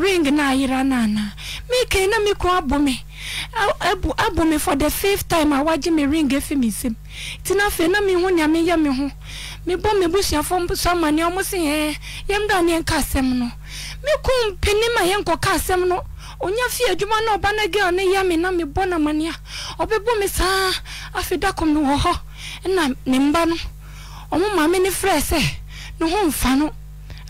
ring na ayira nana mi kena mi ko abo mi abo abo mi for the fifth time awagye mi ring efi mi nsam ti na fe na mi hu nea mi ya mi hu mi bɔ mi busuafo nso ama nea ɔmo si yɛ yɛm da nea nka asɛm no mi ko mpini ma yɛ nkɔ ka asɛm no onya fi adwuma na ɔba na girl ne yɛ mi na mi bɔ na mania ɔbɛbɔ mi saa afei dako mi wɔ hɔ na ne mba no ɔmo maame ne frɛ sɛ ne ho nfa no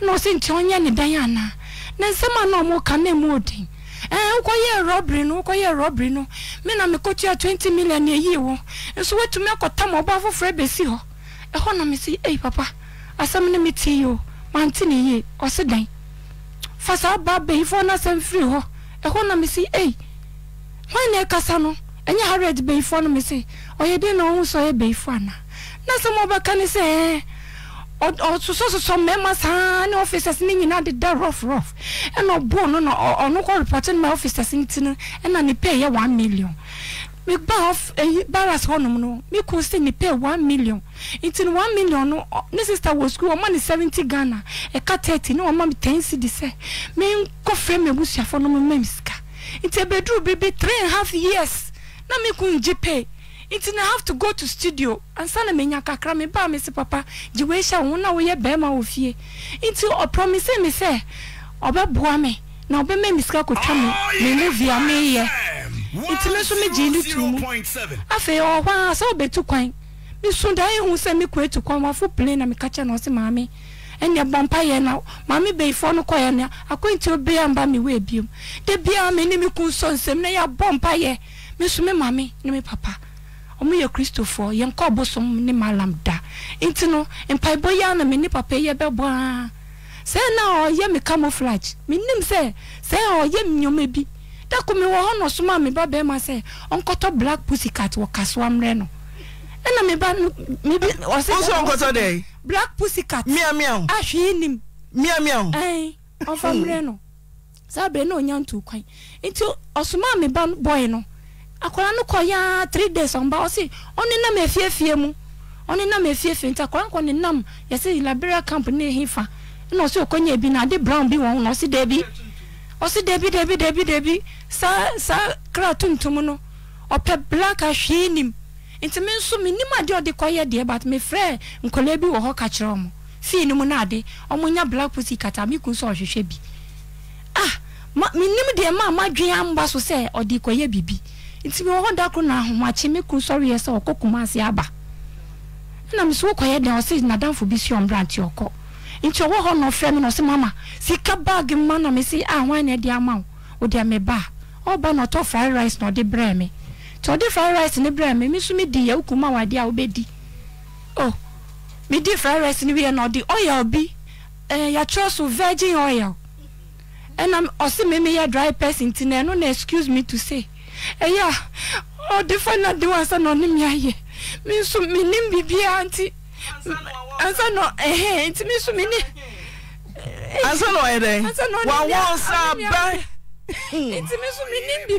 ɛna ɔsi nkyɛn ɔnyɛ ne dan anaa. na nsɛm a na ɔmo ka na emu odin e, ɛɛ wokɔyɛ rɔbiri no wokɔyɛ rɔbiri no mi na mi kɔtua twenty million eyi nso wetumi ebesi hɔ ɛhɔ na mi si eyi papa asɛm ne mi ti yi o mante ne yie ɔsi dan firi hɔ ɛhɔ na mi si eyi wɔn na ɛkasa no ɛnyɛ harriet bɛyifoɔ no mi na ɔmo sɔ ɔyɛ ɔsosɔsosɔ mmarima saa ne officers ne nyinaa deda rough rough ɛna ɔbɔɔ no na ɔno kɔ report no ma officers no ti no ɛna ne pay yɛ one million me ba ɛyi barras hɔnom no me kun sɛ pay one million nti no one million no ne sister wɔ school ɔma ne seventy ghana ɛka thirty ne ɔma me ten cedi sɛ me nkɔ fɛ me abusuafo no mo mɛ mi sika nti ɛbɛduru bebe three and a half years na me kun gye pay. nti na have to go to studio ansa na menya kakra me ba me se papa gye woahyɛ wo ye be ma wo fie o promise me se sɛ ɔbɛboa me na ɔbɛma me miska ko twa me oh, me movie a ye. nti me so me ji ni tu mu afei ɔhɔ a sɛ wobɛtu kwan mesu da ɛhu sɛ mekɔ atu kwan fu plane na meka kyɛ na ɔse maame ɛnea And your na maame now, mammy kɔyɛ for no coyana, according to wɔ ebiom da biara me ne me kun sɔ nsɛm na yɛ abɔ mpa yɛ me so me maame ne me papa ɔmo yɛ kristofoɔ yɛn kɔ abosom ne malam da nti no mpaebɔ yi ara na me ne papa yɛ bɛbɔ aa sɛ na ɔyɛ me camouflage me nim sɛ sɛ ɔyɛ me nneɛma bi dako mi wɔ hɔ na ɔsoma me ba bɛrima sɛ ɔnkɔtɔ black pussy cat wɔ kasoa mmerɛ no ɛna me ba no me bi ɔsɛ ɔsɛ ɔnkɔtɔ dɛ black pussy cat mia mia ahwee ah, nim mia mia ɛn ɔfa mmerɛ no saa bɛrɛ na ɔnya ntu kwan nti ɔsoma me ba bɔɛ no. akwadaa no kɔ yaa three days ɔmba ɔsi ɔne nam efiefie mu ɔne nam efiefie nti akwadaa nkɔ ne nam yɛsi liberia camp ne ehi fa ɛna ɔsi ebi na ade brown bi wɔn na ɔsi deebi ɔsi deebi deebi deebi deebi saa saa kra tuntum no ɔpɛ black nim nti mi nso mi nim kɔyɛ deɛ but mi frɛ nkɔlɛɛ bi wɔ hɔ kakyerɛ ɔmo fii ne naade ɔmo nya black pussy kata mi kun so ɔhwehwɛ bi ah ma mi nim nti mewɔ hɔ da koro na ahomakye me kun sɔre yɛ sɛ ɔkɔ kuma aba ɛna bi ɔkɔ nti ɔwɔ hɔ na ɔfrɛ na ɔse mama sika mma na mese a na ɛde ama wo ba ɔba na ɔtɔ fry rice na ɔde nti fry rice yɛ a o di fry rice na oil bi eh, so virgin oil ɛna dry person na ɛno na excuse ɛyɛ a ɔde fa na de wansa na ɔne me ayɛ me nso menim biribiaa nti ansa na ɛhɛ nti me nso mene eh, ansa na ɔyɛ nsa nti me nso menim nti mene me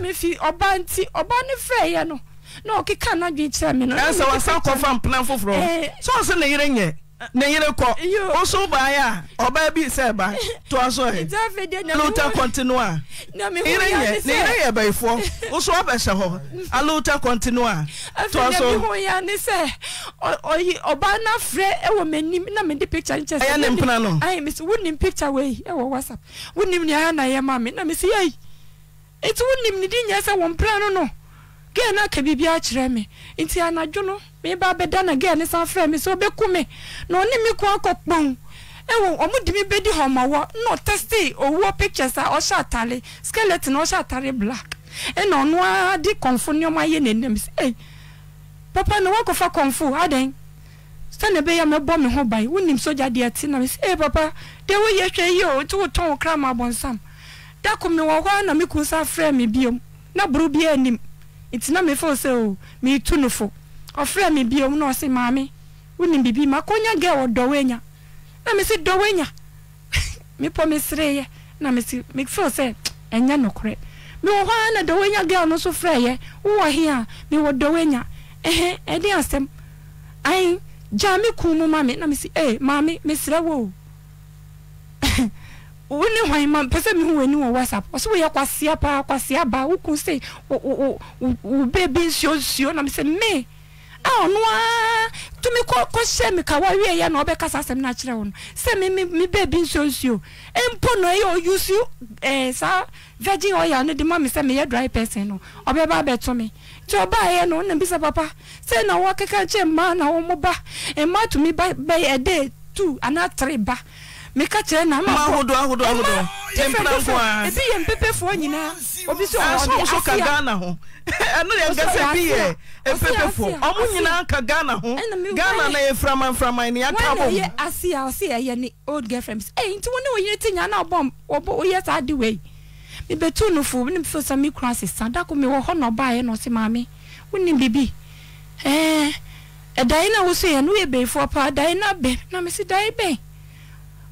me fi nti no frɛɛyɛ no na ɔkeka no adwen kyerɛ me no ɛsɛ wasa kɔfa mpena foforɔ eh, sɛ ne yere nyɛ ne yere kɔ woso baɛ a ɔba bi sɛ ntyeryɛ baifso abɛsɛ h nnn sɛ ɔba nafrɛ wɔ mani na mede pica ɛɛwon picae wwwhasapp won neaanayɛmamenmesye nti wonim ne de nyɛ sɛ wo mpra no no gɛɛ no biribi akyerɛ me nti anadwo no meba na gɛɛ ne san frɛ me sɛ ɔbɛku me na ɔne me ko akɔkpɔn ɛwɔ ɔmo de me bɛdi hɔ ma wɔ na ɔtɛste owuo pictures a ɔhyɛ atare skeleton ɔhyɛ atare black ɛna ɔno kɔnfo nneɛma ayɛ n'anim sɛ ɛy papa na wakɔfa kɔnfo adɛn sani bɛyɛ na me sɛ ɛy papa deɛ woyɛ hwɛ yi o wotɔn ma abɔnsam dako wɔ hɔ na kun sa biom na buru It's not me sɛ o me tu no me ɔfrɛ mi bi omu na say maame wuni bibi be ko nya gɛ wɔ dɔwɛ nya na me si dɔwɛ Me mi pɔ mi sere yɛ na mi si mi fo sɛ ɛnyɛ nɔkorɛ mi wɔ hɔ a na no nya gɛ ɔno so frɛ yɛ me hi a mi wɔ dɔwɛ nya ɛhɛn ɛdi asɛm ayi I mi kun mu ma mi na mi si ee maame mi sere wo wone hwan ma pɛ sɛ mehu w'ani wɔ whatsapp ɔsɛ woyɛ kwasea paa kwasea baa woku sɛ wo bebi nsuo nsuo nam sɛ me a ɔno a tumi kɔhyɛ me ka ya na ɔbɛka saa asɛm no akyerɛ wo no sɛ me bebi nsuo nsuo mpo no ɛyɛ ɔyusu eh, saa virgin oil no de ma me sɛ meyɛ dry person no ɔbɛba abɛto me nti ɔbaeɛ no na bisa papa sɛ na wɔkeka kyɛ mmaa na wɔmo ba mmaa tumi bɛyɛ ɛdɛ two anaa three ba meka kyerɛ na ebi yɛ mpepefoɔ nyinaa obi sɛ ɔso ka ghana ho ɛno yɛ nka bi yɛ mpepefoɔ ɔmo nyinaa ka ghana ho ghana na yɛ framaframa ne yɛka bɔ mu ase a ɔse ɛyɛ ne old girlfriend sɛ ɛyi nti wo ne wɔyere te nyaa na ɔbɔ ɔbɔ woyɛ saa de wei mebɛtu no fo ne mfo sɛ kura sesa da ko mewɔ hɔ na ɔbaeɛ na ɔse maame wonim biribi ɛɛ ɛdae na wo yɛ no woyɛ bɛifoɔ paa dae na bɛ na mesi dae bɛn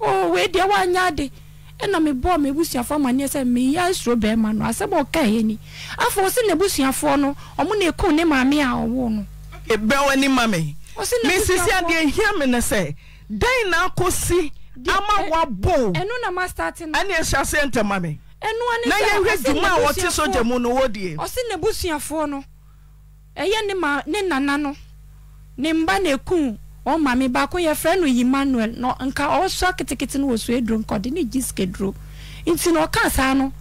o wee deɛ wanya ade ɛna mebɔɔ mebusuafoɔ amanneɛ sɛ meya asuro bɛrima nọ asɛm ɔka ɛ ni afa ɔse n'abusuafoɔ no ɔmo na ɛkɔw ne maame a ɔwo no ɛbɛ w'ani ma me mesisi adeɛ hia me no sɛ dɛn na akɔsi ama na mastarte no ɛne na a no ne ma nana ne na eku wɔn maame baako yɛfrɛ no emmanuel na nka ɔsɔ ketekete na wɔ so eduro nka ɔde na gyi sika duro nti na ɔka saa no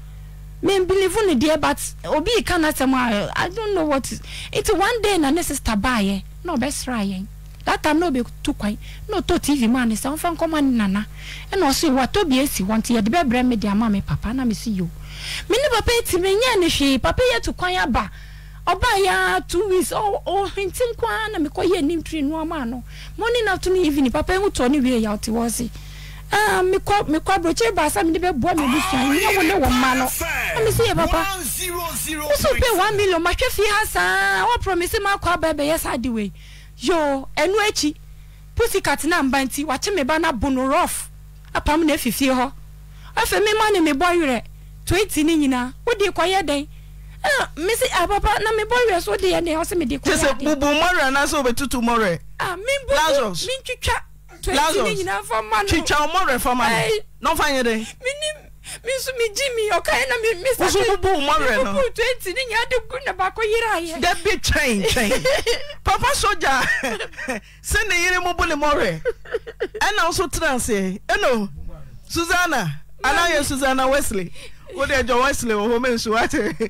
membelieve ne deɛ but obi ka n'asɛm a i don't know what is nti one day na ne sista baayɛ na ɔbɛsra yɛn that time na obetu kwan na ɔtɔ tv maa ne sɛ ɔnfa nkɔma ne nana ɛna ɔso wa tobi esi hɔ nti yɛde bɛbrɛ mi de ama mi papa na mi si yo mi papa eti mi nyɛ ne hwee papa yɛ tu kwan aba. ọba ya two weeks ntị nkwa na mekọ ihe nim tiri nu ọma ano morning afternoon papa ehu tọ ne wie ya ọte wọ si mekọ mekọ aburokyere baasa mi de bɛ ne mma papa pe one million ma ha saa promise aba saa yoo na mba nti wakye mi na bu no apam na efi fie hɔ afɛ mi twenty nyinaa Ah, mesi apapa ah, na mebɔ werɛ so deɛ ne ɔsɛ mede kɔ sɛ bubu mmɔwerɛ na sɛ wobɛtutu mmɔwerɛ ah, lazarus mentwitwa lazarus twitwa mmɔwerɛ fa ma no na ɔfa nyɛ dɛn misu mi ji mi ɔkae na mi mi sa wosu bubu mmɔwerɛ no bubu twenty ne nyɛ de gu na baako yere ayɛ dabi twɛn twɛn papa soja sɛ ne yere mu bu ne mmɔwerɛ ɛna nso tena aseɛ ɛno susanna anayɛ susanna wesley wode ɛjɔ wesley wɔ hɔ mɛ nsu wate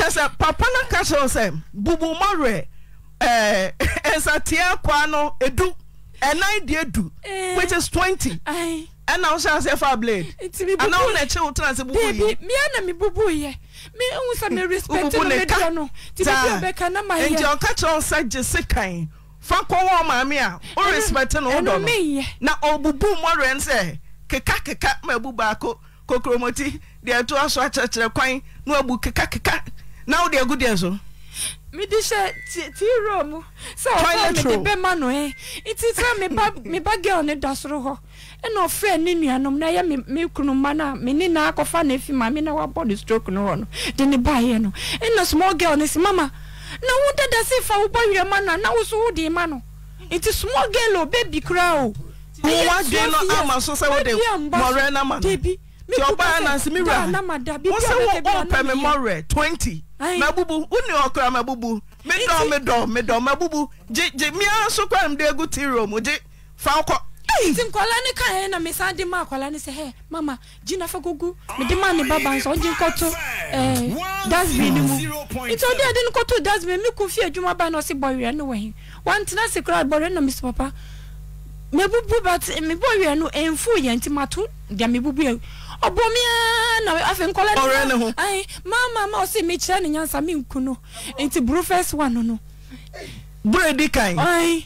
ɛsɛ papa no ka kyerɛwo sɛ bubu mmɔeɛ nsatiɛ kɔa no ɛdu eh. ɛna deɛ du whiches 20 ɛnawosɛasefa bladeanawonɛ kye wo tonasɛ bubunoka kyerɛ wo sa gye se ka fa kɔ wɔmaame a worespɛctɛ no wodn ɔbubummɔeɛ no sɛ kekakeka maabu baako kɔkromɔti deɛ to aso akyerɛkyerɛ kwan na wabu kekakeka na wode agu deɛ so mede hyɛ tiiro mu sɛ ɔfɛ mede bɛma no ɛ nti sɛ ba girl ne da soro hɔ ɛna e ɔfrɛ ni nuanom na ɛyɛ me kunuma no ni na naa kɔfa no afi maame na wabɔ ne stroke no hɔ no ba ne baeɛ no ɛna e small girl no si mama na wo dada se fa wobɔ werɛ ma no a na wo so wode ma no nti small girl o baby koraa o wowadwe no ama so sɛ wode mɔwerɛ no ma no nti ɔbaa nanse me wura wo sɛ wo ɔmpɛ me mɔwerɛ twenty. mabubu unu ọkra mabubu medọ medọ medọ mabubu je ji mia so kwa mde egu ti room je fa ọkọ. nti nkwala ne ka ẹ na mesa de ma akwala ne sẹ ẹ mama ji na fẹ gugu mi de ma ne baba nsọ ọjì nkọtọ ẹ eh, dasbin ni mu nti ọdẹ ẹdẹ ni kọtọ dasbin mi kun fi edwuma ba na ọsi bọwia ni wẹhin wa ntena se kura bọwia na mi sọ papa mebubu but mebubu yẹn no ẹnfu yẹn ti ma to deɛ mebubu yẹn. ọbọ mi na afei nkɔla ne ɔrɛ ne ho ayi maa maa maa ɔsi mi kyerɛ ne nyansa mi nku no nti buru first one no. buru edi kan mɔrɛ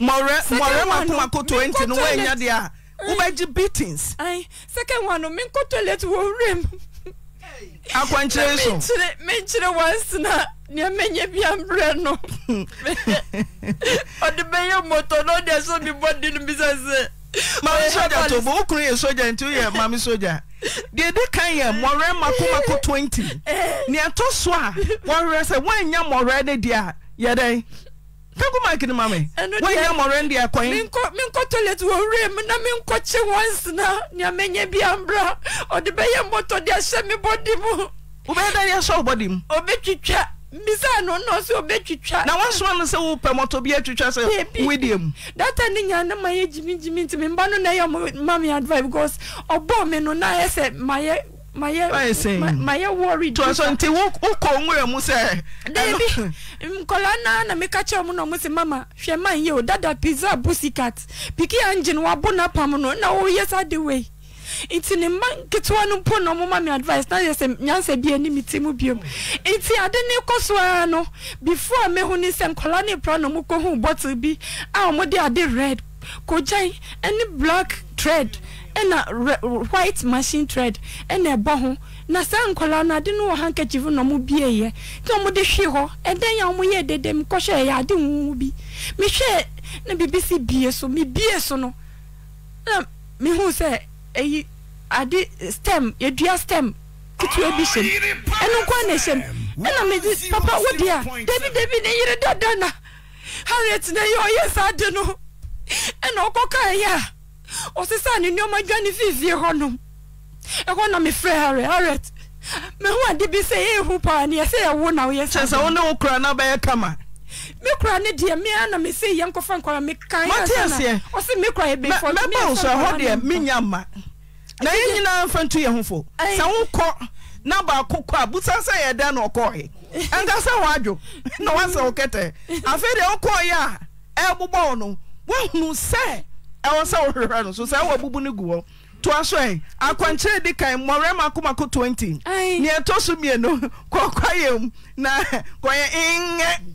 mɔrɛ mako mako twenty no wɔn enya de a wobɛgye beatings. ayi second one no mi nkɔ toilet wɔ wura mu. akwankyerɛ so menkyerɛ menkyerɛ once na nneɛma nyɛ bi ambrɛ no ɔde bɛyɛ moto na ɔde ɛsɛ mi bɔ di no bi sɛ sɛ. maame soja to bo okun yɛ soja nti o yɛ maame soja. deɛ de ka yɛ mmɔwerɛn makomako 20 nea to so a wɔwerɛ sɛ woanya mmɔwerɛ ne deɛ a yɛ dɛn kako mak nma mewnya mɔeɛn deɛkɔnmenkɔtɔlet wɔwer m na menkɔkye wɔn sena neanyɛ bi ambra ɔde bɛyɛ motɔ deasyɛ mebɔd mu wobɛyɛ dayɛsɛ wobɔdm misaa nɔɔnɔ sɛ obɛtwitwa nasomano sɛ wopɛmɔtɔ biatwitwa sɛwdim data ne nyano mayɛ gyimigyimi ntimemba no nɛ ɛyɛmameadvi baus ɔbɔ me no naɛsɛ mayɛ rntwokɔ wrɛmu sbi kɔa naa na meka kyɛw mnɔm s mama hwɛ manyɛo data pizza bo sikat piki a ngyene wabo na pam no na woyɛ sa dwei nti ne mma nketewa no mpo na ɔmoma me advice na yɛ sɛ nyansa bi ani me ti mu biom nti ade ne kɔ so ara no before mehu ne sɛ nkɔla ne pra na mokɔhu bottle bi a ɔmode ade red kogyan ɛne black thread ɛna white machine thread ɛna ɛbɔ ho na saa nkɔla no ade no wɔ handkerchief na ɔmo bie yɛ nti ɔmo de hwi hɔ ɛdan a ɔmo yɛ dede mu kɔhwɛ ɛyɛ ade nwuwu bi mehwɛ na bibi si bie so mebie so no na mehu sɛ eyi ade stem yɛdua stem ketewa bi hyɛm ɛno nkoa na ɛhyɛm ɛna mede papa wo deɛ a dabi dabi ne yere dada na harriet na ɛyɛ ɔyɛ saa de no ɛna ɔkɔkaa yɛ a ɔsesaa ne ne dwane hɔ nom ɛhɔ na mefrɛ harriet harriet mehu ade bi sɛ yɛɛhu paa ne yɛsɛ yɛwo na woyɛ sɛ wo ne wo kora na bɛyɛ kama me kura ne deɛ me ana me se yɛn kɔfa nkɔla me kan yɛ bɛfɔ me mɛba ɛhɔ deɛ me ma na yɛn nyinaa mfa ntu yɛn ho fo sɛ wokɔ na baako kɔ a busa sɛ yɛ dɛn na ɔkɔɔɛ ankasa wadwo na wasɛ wo kɛtɛ afei deɛ wokɔɔyɛ a ɛbobɔ wo no woahunu sɛ ɛwɔ sɛ wohwehwɛ no so sɛ wowɔ no gu hɔ toa ɛ akwankyerɛ di kan mmɔwerɛma akomako 20 neɛ ɛtɔ so mmienu kɔkɔyɛm na kɔyɛ nyɛ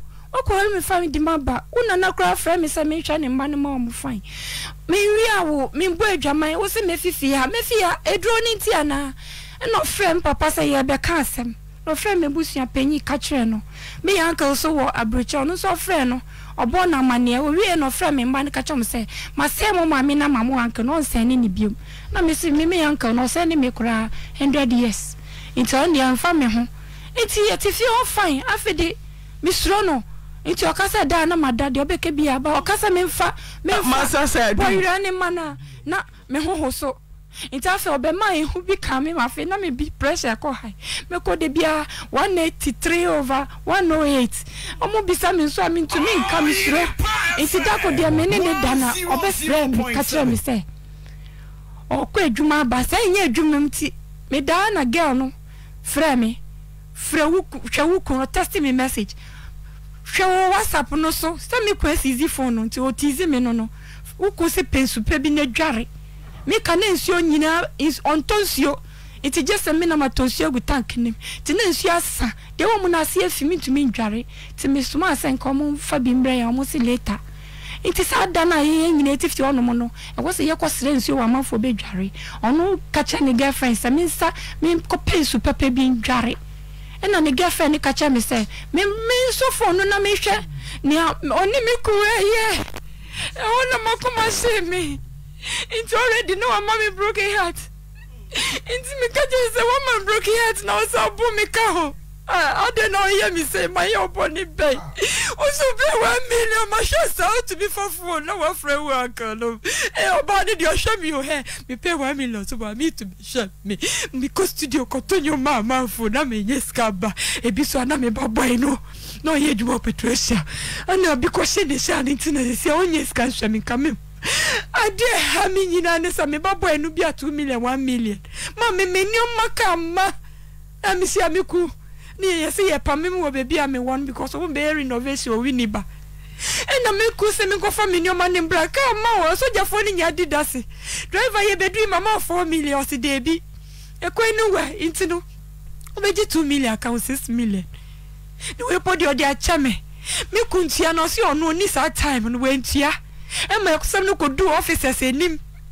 okɔ me fa dima ba wonana kra frɛmesɛ meɛ ne ana mei me dama ɛ m dne ti nɛɛ aaɛ ɛaitefie fa ede mesro no nti ɔkasa da na ma da deɛ ɔbɛka bi aba ɔkasa memfa memfa bɔyerɛ ne ma no na me hoho so nti afei ɔbɛma ehu bi ka me ma afei na me bi pressure kɔ ha mekɔ de bia one eighty three over one oh eight ɔmo bisa mi nso a mi ntumi nka mi suro nti dako deɛ me ne ne da na ɔbɛsrɛ mi ka kyerɛ mi sɛ ɔkɔ adwuma aba sɛ nye adwuma mu ti me daa na girl no frɛ me frɛ wo hwɛ wo kun ɔtɛsti mi message hwɛ wɔ whatsapp no so sɛ me kɔ asizi phone no nti ɔtizi me no no wokɔ sɛ pɛnsupɛ bi na dware meka na nsuo nyinaa ɔntɔ nsuo nti gye sɛ menam atɔ nsuo agu tank no mu nti na nsuo asa deɛ wɔ mu no ase afi mentumi ndware nti mesomaa sɛ nka ɔmomfa bi mmerɛ yɛ ɔmo se leta nti saa da no a yɛyɛ nyina tifiti ɔnom no ɛwɔ sɛ yɛkɔ serɛ nsuo wɔ amanfoɔ bɛdware ɔno ka kyɛ ne girlfriend sɛ mensa menkɔpɛ nsu pɛpɛ bi ndware ɛna ne girlfriend ka kyɛ me sɛ me me nso phone no na mehwɛ nea ɔne me kura yɛ ɛhɔ na makoma see me nti already na wama me broken heart nti meka kyerɛ sɛ wama broken heart na ɔsɛ ɔbo me ka ho Ah, ade na ɔyɛ mi sɛ ma yɛ ɔbɔ ne bɛn woso bɛ wa million ma hyɛ saa otumi fɔfo na wafrɛ wo ankan no ɛ ɔbaa ne deɛ ɔhwɛ mi o hɛ mi pɛ wa million so ma mi tumi hyɛ mi mi kɔ studio kɔtɔ nyo maa maa fo na mi nye sika ba ebi so ana mi ba bɔ yi no na ɔyɛ edwuma petrosia ɛna bi kɔ hyɛ ne hyɛ ani ti na sisi a ɔnyɛ sika nhyɛ me, nka mi mu adeɛ ha mi nyinaa ne sa mi ba bɔ yi no bi a two million one million ma mi mi ni ɔma ka ma na mi si ne yɛsɛ yɛpame mu wɔ baabi a mewɔ no because wo bɛyɛ renovation owi ni ba ɛna meku sɛ menkɔfa me nneɔma ne mbra kaa ma wɔ sogyafoɔ no nya dida se driver yɛbɛdui ma ma four million ɔse daabi ɛkwan no wa nti no wobɛgye two million aka wo six million ne wɔpɔ deɛ ɔde akyɛ me meku ntua no ɔse ɔno ɔni saa time no wɔantua ɛma ɛsɛm no kɔduu officers anim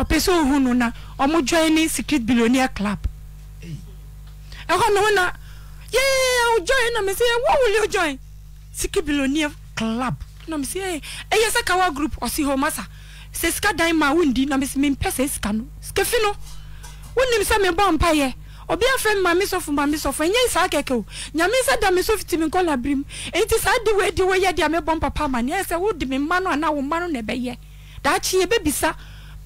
ɔpɛ sɛ ohu no na ɔmo join ne secret billionaire club ɛhɔ no ho na yɛɛ o join na mesɛ wo wuli o join secret billionaire club na mesɛ ɛyɛ sɛ kawa group ɔsi hɔ masa sɛ sika dan ma wondi na mesɛ mempɛ sɛ sika no sika fi no wonim sɛ mebɔ mpayɛ obi afɛ mi maame sɔfo maame sɔfo enye saa kɛkɛ o nyame nsa da mi sɔfo ti mi nkɔ labirim eti saa di wo edi wo yɛ di a mi bɔ mpapa ama ne ɛsɛ wo di mi mma no anaa wo mma no na ɛbɛyɛ daakye ebebisa.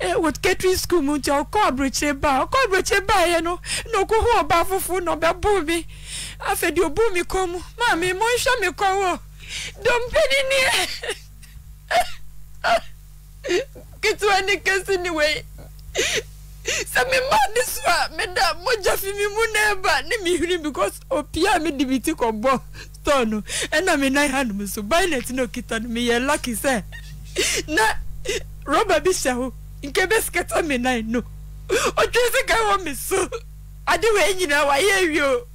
eh, with catering school mu nti ɔkɔ aburokyire baa ɔkɔ aburokyire baa yɛ no na ɔkɔ hu ɔbaa fufu na ɔbɛ bu mi afɛ deɛ ɔbu mi kɔn mu maame mo nhwɛ mi kɔn wɔ dɔmpeni nie ketewa ne kɛse ne wei sɛ mema ne so a meda mogya fi mi mu na ɛba ne mehwiri because opia a mede me ti kɔbɔ store no ɛna me nan hanom so binet no kita no meyɛ lucky sɛ na rɔba bi hyɛ ho nke bɛsikɛtɔ mi nan no ɔtwe sika wɔ mi so ade wɔ nyinaa wɔayɛ awie o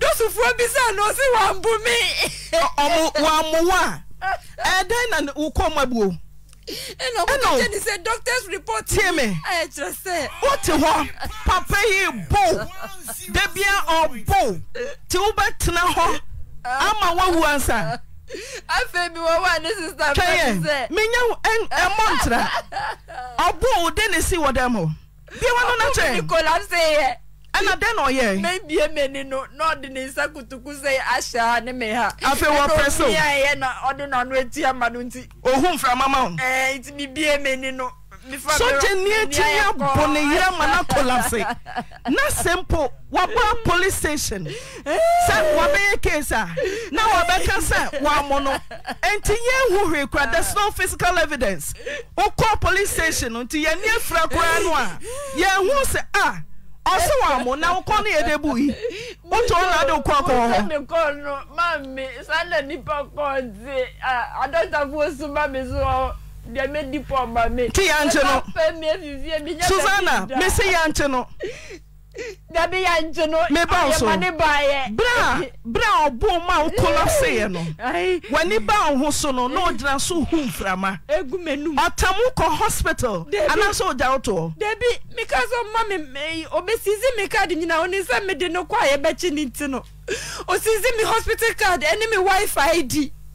dɔsofoɔ bi sɛ na ɔsi wɔn abo mi. ɔmo wɔn amowa ɛdan na wokɔ ma buo. ɛna ɔmo kɛkyɛ ni sɛ doctors report yi ayɛ kyerɛ sɛ. wote hɔ papa yi bo debia ɔbo ti wobɛtena hɔ ama wawu ansa. afei mi wɔ wa ne sista fɛ sɛ. menya ɛmɔ ntura ɔbɔ o den si wɔ dɛm hɔ biewa na kyɛ. ɔkùnrin kola se yɛ. ɛna den na ɔyɛ. mɛ bie mɛ ni no na ɔde ne nsa kutuku se ahyɛ ne mɛ ha. afei wɔ pɛ so. ɛna omi a yɛ na ɔde na ɔno etia ma no ohun fura mama o. ti mi bie mɛ sogya ni akyi ni abɔ ne yere ma na kolapse na simple wabɔ police station sɛ wabɛyɛ case a na wabɛka sɛ wamɔ no nti yɛn hu hwee kora there is no physical evidence wokɔ police station nti yɛn ah, ni efura koraa no a yɛn hu sɛ a ɔsɛ wamɔ na wokɔ ne yɛ de bu yi wotɔ ɔna de kɔ kɔ hɔ. wosɛ kɔ no maami sanni nipa kɔ nti a ah, adɔtafoɔ suma mi so. susana mɛsɛ yɛn nsberɛ ɔbo maa wokɔlɔ sɛɛ no wani e ba wo ho so no na ɔgyina so hu mframa ɔtamokɔ hospitalanasɛ ɔgya wotɔda sbɛszmead nynn sɛmde nokɔɛbɛke ne nesar ifi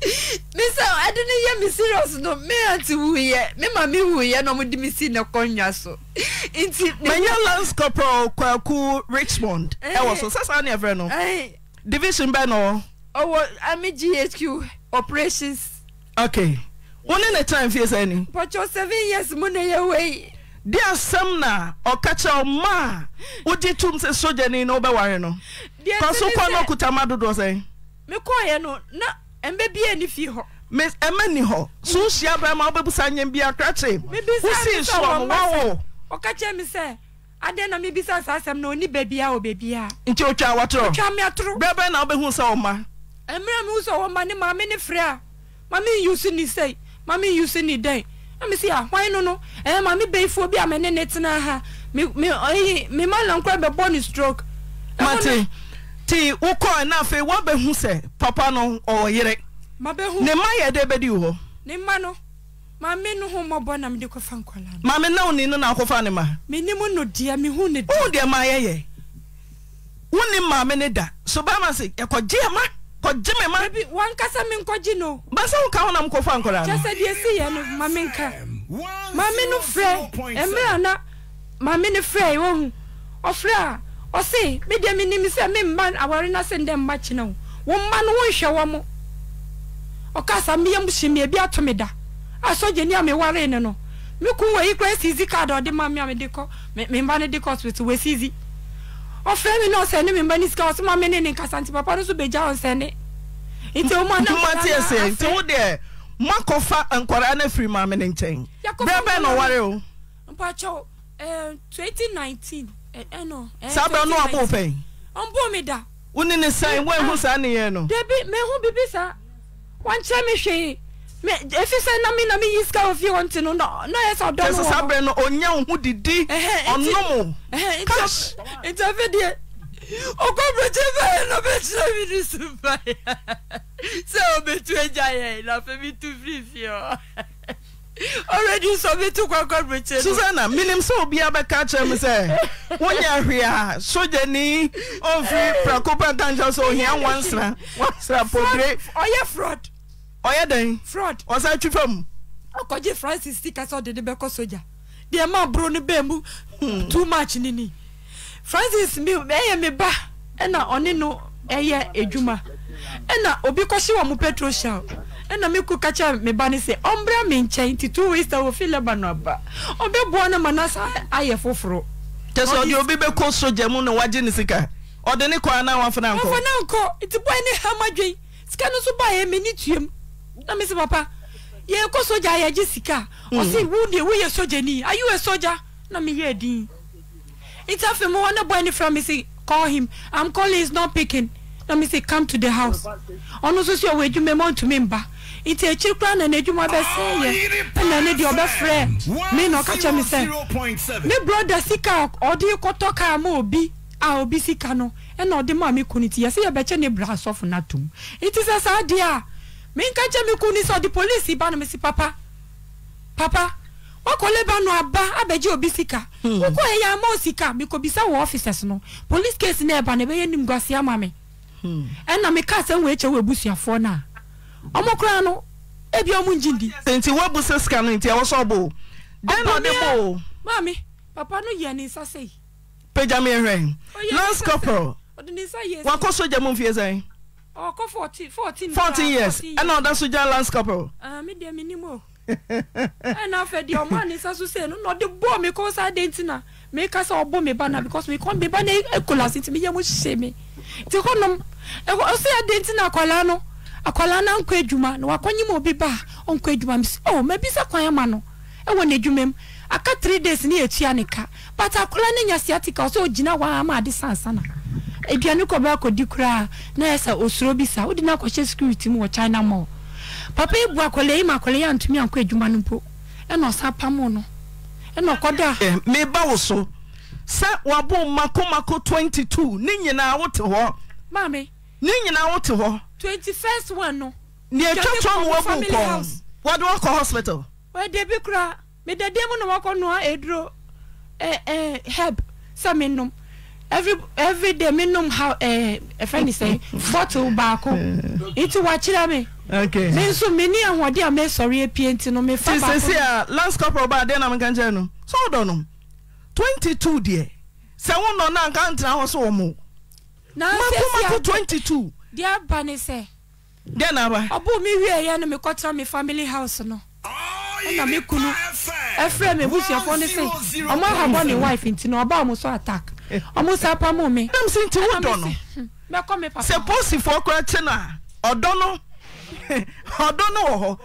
mesa ade ne yɛ me serious no me ante wuyɛ me ma me wuyɛ na ɔmode me sii ne kɔnwa so nti manyɛ lance corporal kwaku richmond ɛwɔ so sɛ saa ne no division bɛ no ɔwɔ ame ghq operations okay wo ne ne time fie sɛ ni pɔkyɛ seven years mu ne yɛ wei di asɛm na ɔka kyerɛ ɔma a wogye tom sɛ sogyani na wobɛware no kɔ so kɔ no ɔkuta ma dodoɔ sɛ mekɔɔyɛ no na ɛma ni hɔ so mm. wohyia bra ma wobɛbusa nyɛm bia kra kye wosii soɔ mowa wo nti otwaa watorɔ berɛ na wobɛhu sɛ wo ma mmerɛ mehu sɛ wɔ ma ne maame ne frɛ a maame nyusu dɛn na mesi ahwan no no eh, bi a ne tena ha stroke mate ti wokɔ ɛna afei wobɛhu sɛ papa no ɔwɔyere ne mma yɛda bɛdi wo hɔ mame na woni no nawakɔfa ne mawohu deɛ mayɛyɛ woni maame no da so bama sɛ yɛkɔgyeɛma kɔgye me ma bɛ sɛ woka honam kɔfa nkɔ raam ɔse medeɛ menim sɛ memma aware no ase ndɛ mma kyena o wo mma no wonhwɛ wɔ mo ɔka sa meyam hye me ebi ato me da asɔgyani a mewaree ne no me kun wɔ yi kora asiizi card ɔde ma me a mede kɔ memba no de kɔ hospital wɔasiizi ɔfrɛ me na ɔsɛ ne memba no sika ɔso ma me ne ne nkasa nti papa no so bɛgya ɔnsɛne nti woma nomatiɛsɛ nti wo deɛ no afiri maame no nkyɛn berɛ na ɔware o mpakyɛw 2019 eh, saa bɛrɛ no abo pɛn. ɔnbɔ mi da. wone ne sɛn wo ehu saa ne yɛn no. debi mehu bibi saa wɔnkyɛn mi hwee mɛ efi sɛ na mi na mi yi sika wɔ fie wɔn ti no na na yɛ sɛ ɔdɔm wɔ. kɛse saa bɛrɛ no onye ohu didi ɔnum cash. ntafe deɛ okɔbrɔkye fɛyɛ na ɔbɛkyerɛ mi ni sunfa yɛ sɛ ɔbɛtu egya yɛ na afɛ mi tu firi fie ɔ. already sọmịtụ kwakọ britain. susanna minim sọ obi abaka kyerɛ m sɛ wonyɛ ahwea sogyani ɔmfiri prakopa ntankyɛ sɛ ohia wansra wansra pobre. ɔyɛ fraud. ɔyɛ dɛn. fraud. ɔsan twi fam. ɔkɔgye francis ti kasa ne mu hmm. too much nini francis mi ɛyɛ mi ba ɛna obi shell. ɛna mekɔ ka kyɛ meba ne sɛ ɔmbra me nkyɛn nti two ways ta wɔfi lebanon aba ɔbɛboa no ma na sa ayɛ foforɔ kyɛ sɛ ɔde obi bɛkɔ sogya mu na wagye ne sika ɔde ne kɔ ana wamfa no ankɔ wamfa no ankɔ nti bɔe ne ham adwen sika no so baeɛ m'ani tuam na me sɛ papa yɛkɔ sogya a yɛgye sika mhm. ɔse wo deɛ woyɛ sogyani are you a soldier na meyɛ din nti afei mo wɔne bɔe ne fra me se call him i'm calling he's not picking na me say come to the house ɔno nso sɛ ɔwɔ adwuma mu ɔntumi mba nti akyiri kora na n'adwuma bɛsɛn yɛ ɛna ne deɛ ɔbɛfrɛ me na ɔka kyɛ me sɛ me broda sika ɔde kɔtɔ kaa ma obi a obi sika no ɛna ɔde ma me ko ne ti yɛsɛ yɛbɛkyɛ ne bra asɔfo na tum. nti sɛ saa deɛ a menka kyɛ me ko ne sɛ ɔde polisi ba no me si papa papa wakɔ lebanon aba abɛgye obi sika hmm. wokɔ ɛyɛ ama osika e mekɔbisa wɔ officers no police case na ɛba e na ɛbɛyɛ nimguase ama me ɛna hmm. meka sɛ wo ɛkyɛ wɔ abusuafoɔ no a ɔmo kora no ebi ɔmo njindi. di. nti wabu sɛ sika no nti ɛwɔ sɛ ɔbɔ o den na maami papa no yɛ ne nsa sɛ yi. pagya mi hwɛ lance corporal wakɔ soja mu nfiɛ sɛn. ɔkɔ fourteen fourteen. fourteen years ɛna ɔda soja lance corporal. mi deɛ mi ni mo ɛna afɛ deɛ ɔmo anisa so sɛ no na ɔde bɔ mi kɔ sa de ntina mi ka sɛ ɔbɔ mi ba na because mi kɔ mi ba na ekola e-, si ti mi yɛ mo hyɛ mi ti kɔ nom ɛkɔ e-, ɔsɛ ɛde ntina akɔla no. akwala na nkwa adwuma na wakɔnyim obi ba a ɔnkɔ adwuma m sɛ o oh, mabisa kwan ama no ɛwɔ n'adwuma mu aka three days ne yɛtua ne ka but akwala no nya siatika ɔsɛ ɔgyina waa ama ade sansana aduane kɔbɛ akɔdi koraa na yɛ sɛ osuro bi sa wode no akɔhyɛ security mu wɔ china mall papa yi bu akɔla yi ma akɔla yi antumi ankɔ adwuma no mpo ɛna ɔsan pam no ɛna ɔkɔda. Eh, meba wo so sɛ wabo makomako 22 ne nyinaa wote hɔ. maame. ne nyinaa wote hɔ. twenty first one no. ní etwa twa mu wọ́n bù kọ́ wọ́n de wọ́n hospital. wọ́n de bi kura mi dade mu na wọ́n kọ́ nua eduro ẹ eh, ẹ eh, herb sẹ́ mi num every every day mi num ha ẹ ẹ fẹ́ ni sẹ́yìn bottle baako nti eh. wà kyerẹ́ mi. okay mi nso mi ní ahoɔden a mi sɔrɔ epie nti no mi fa baako. ti sisi a last couple ọba adeɛ na mi ka n kyerɛ no sɔɔ dɔ twenty two deɛ sɛ wọn nọ na nka n tena hɔ so wɔn o. na sisi a mako mako twenty two. dea ba ne sɛ ɔbo mewie yɛ no mekɔtra me family house no name knu frɛme mosafo no s ɔmo ahabɔne wife nti no ɔba mo so atak ɔmosa pamo me msnti wodɔnoepsɛ hmm, posifo kora kye noa ɔ ɔdɔ no wɔ hɔ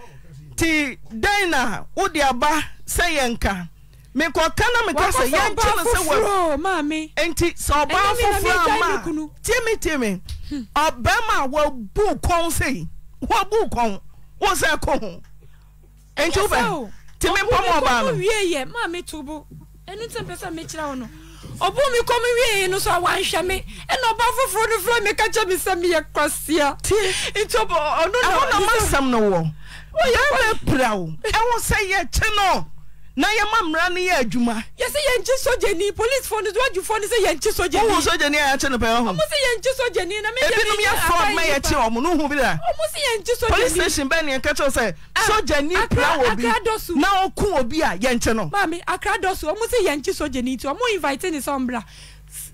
nti dɛnna wode aba sɛ yɛnka mekɔka na meka sɛ yɛnkye no sɛ w enti sɛ ɔbaa foforɔ ama tiemitie me hmm. ɔbɛma a wabu kɔn sei wabu kɔn wo sɛ ɛkɔ ho enti wobɛ nti mempɔ ma ɔbaa no ɛnu ntɛ mpɛ sɛ mekyerɛ wo no ɔbu mi kɔ mi wie no so a wanhwɛ me ɛna ɔba foforɔ no fura mi ka kyɛ mi sɛ meyɛ kwasia nti ɔno na ɔno na masɛm no wɔ ɔyɛ bɛ pra wo ɛwo sɛ yɛ kye no na yɛ ma mmara ne yɛ adwuma. yɛsɛ yɛn nkyi sogyani polisi fo ni waju fo ni sɛ yɛn nkyi ni wɔn sogyani a yɛakyɛ no pɛɛ hɔ. wɔn sɛ yɛn nkyi ni na mɛ yɛn ebinom yɛ fɔ mɛ yɛ kye wɔn nuhu bi da. wɔn sɛ yɛn nkyi ni polisi station bɛɛ ah, ni yɛn kɛtɛ sɛ ni pira wɔ bi na ɔku obi a yɛn kyɛ no. maami akra dɔso wɔn sɛ yɛn nkyi sogyani ti wɔn invite ni sɛ ɔmbra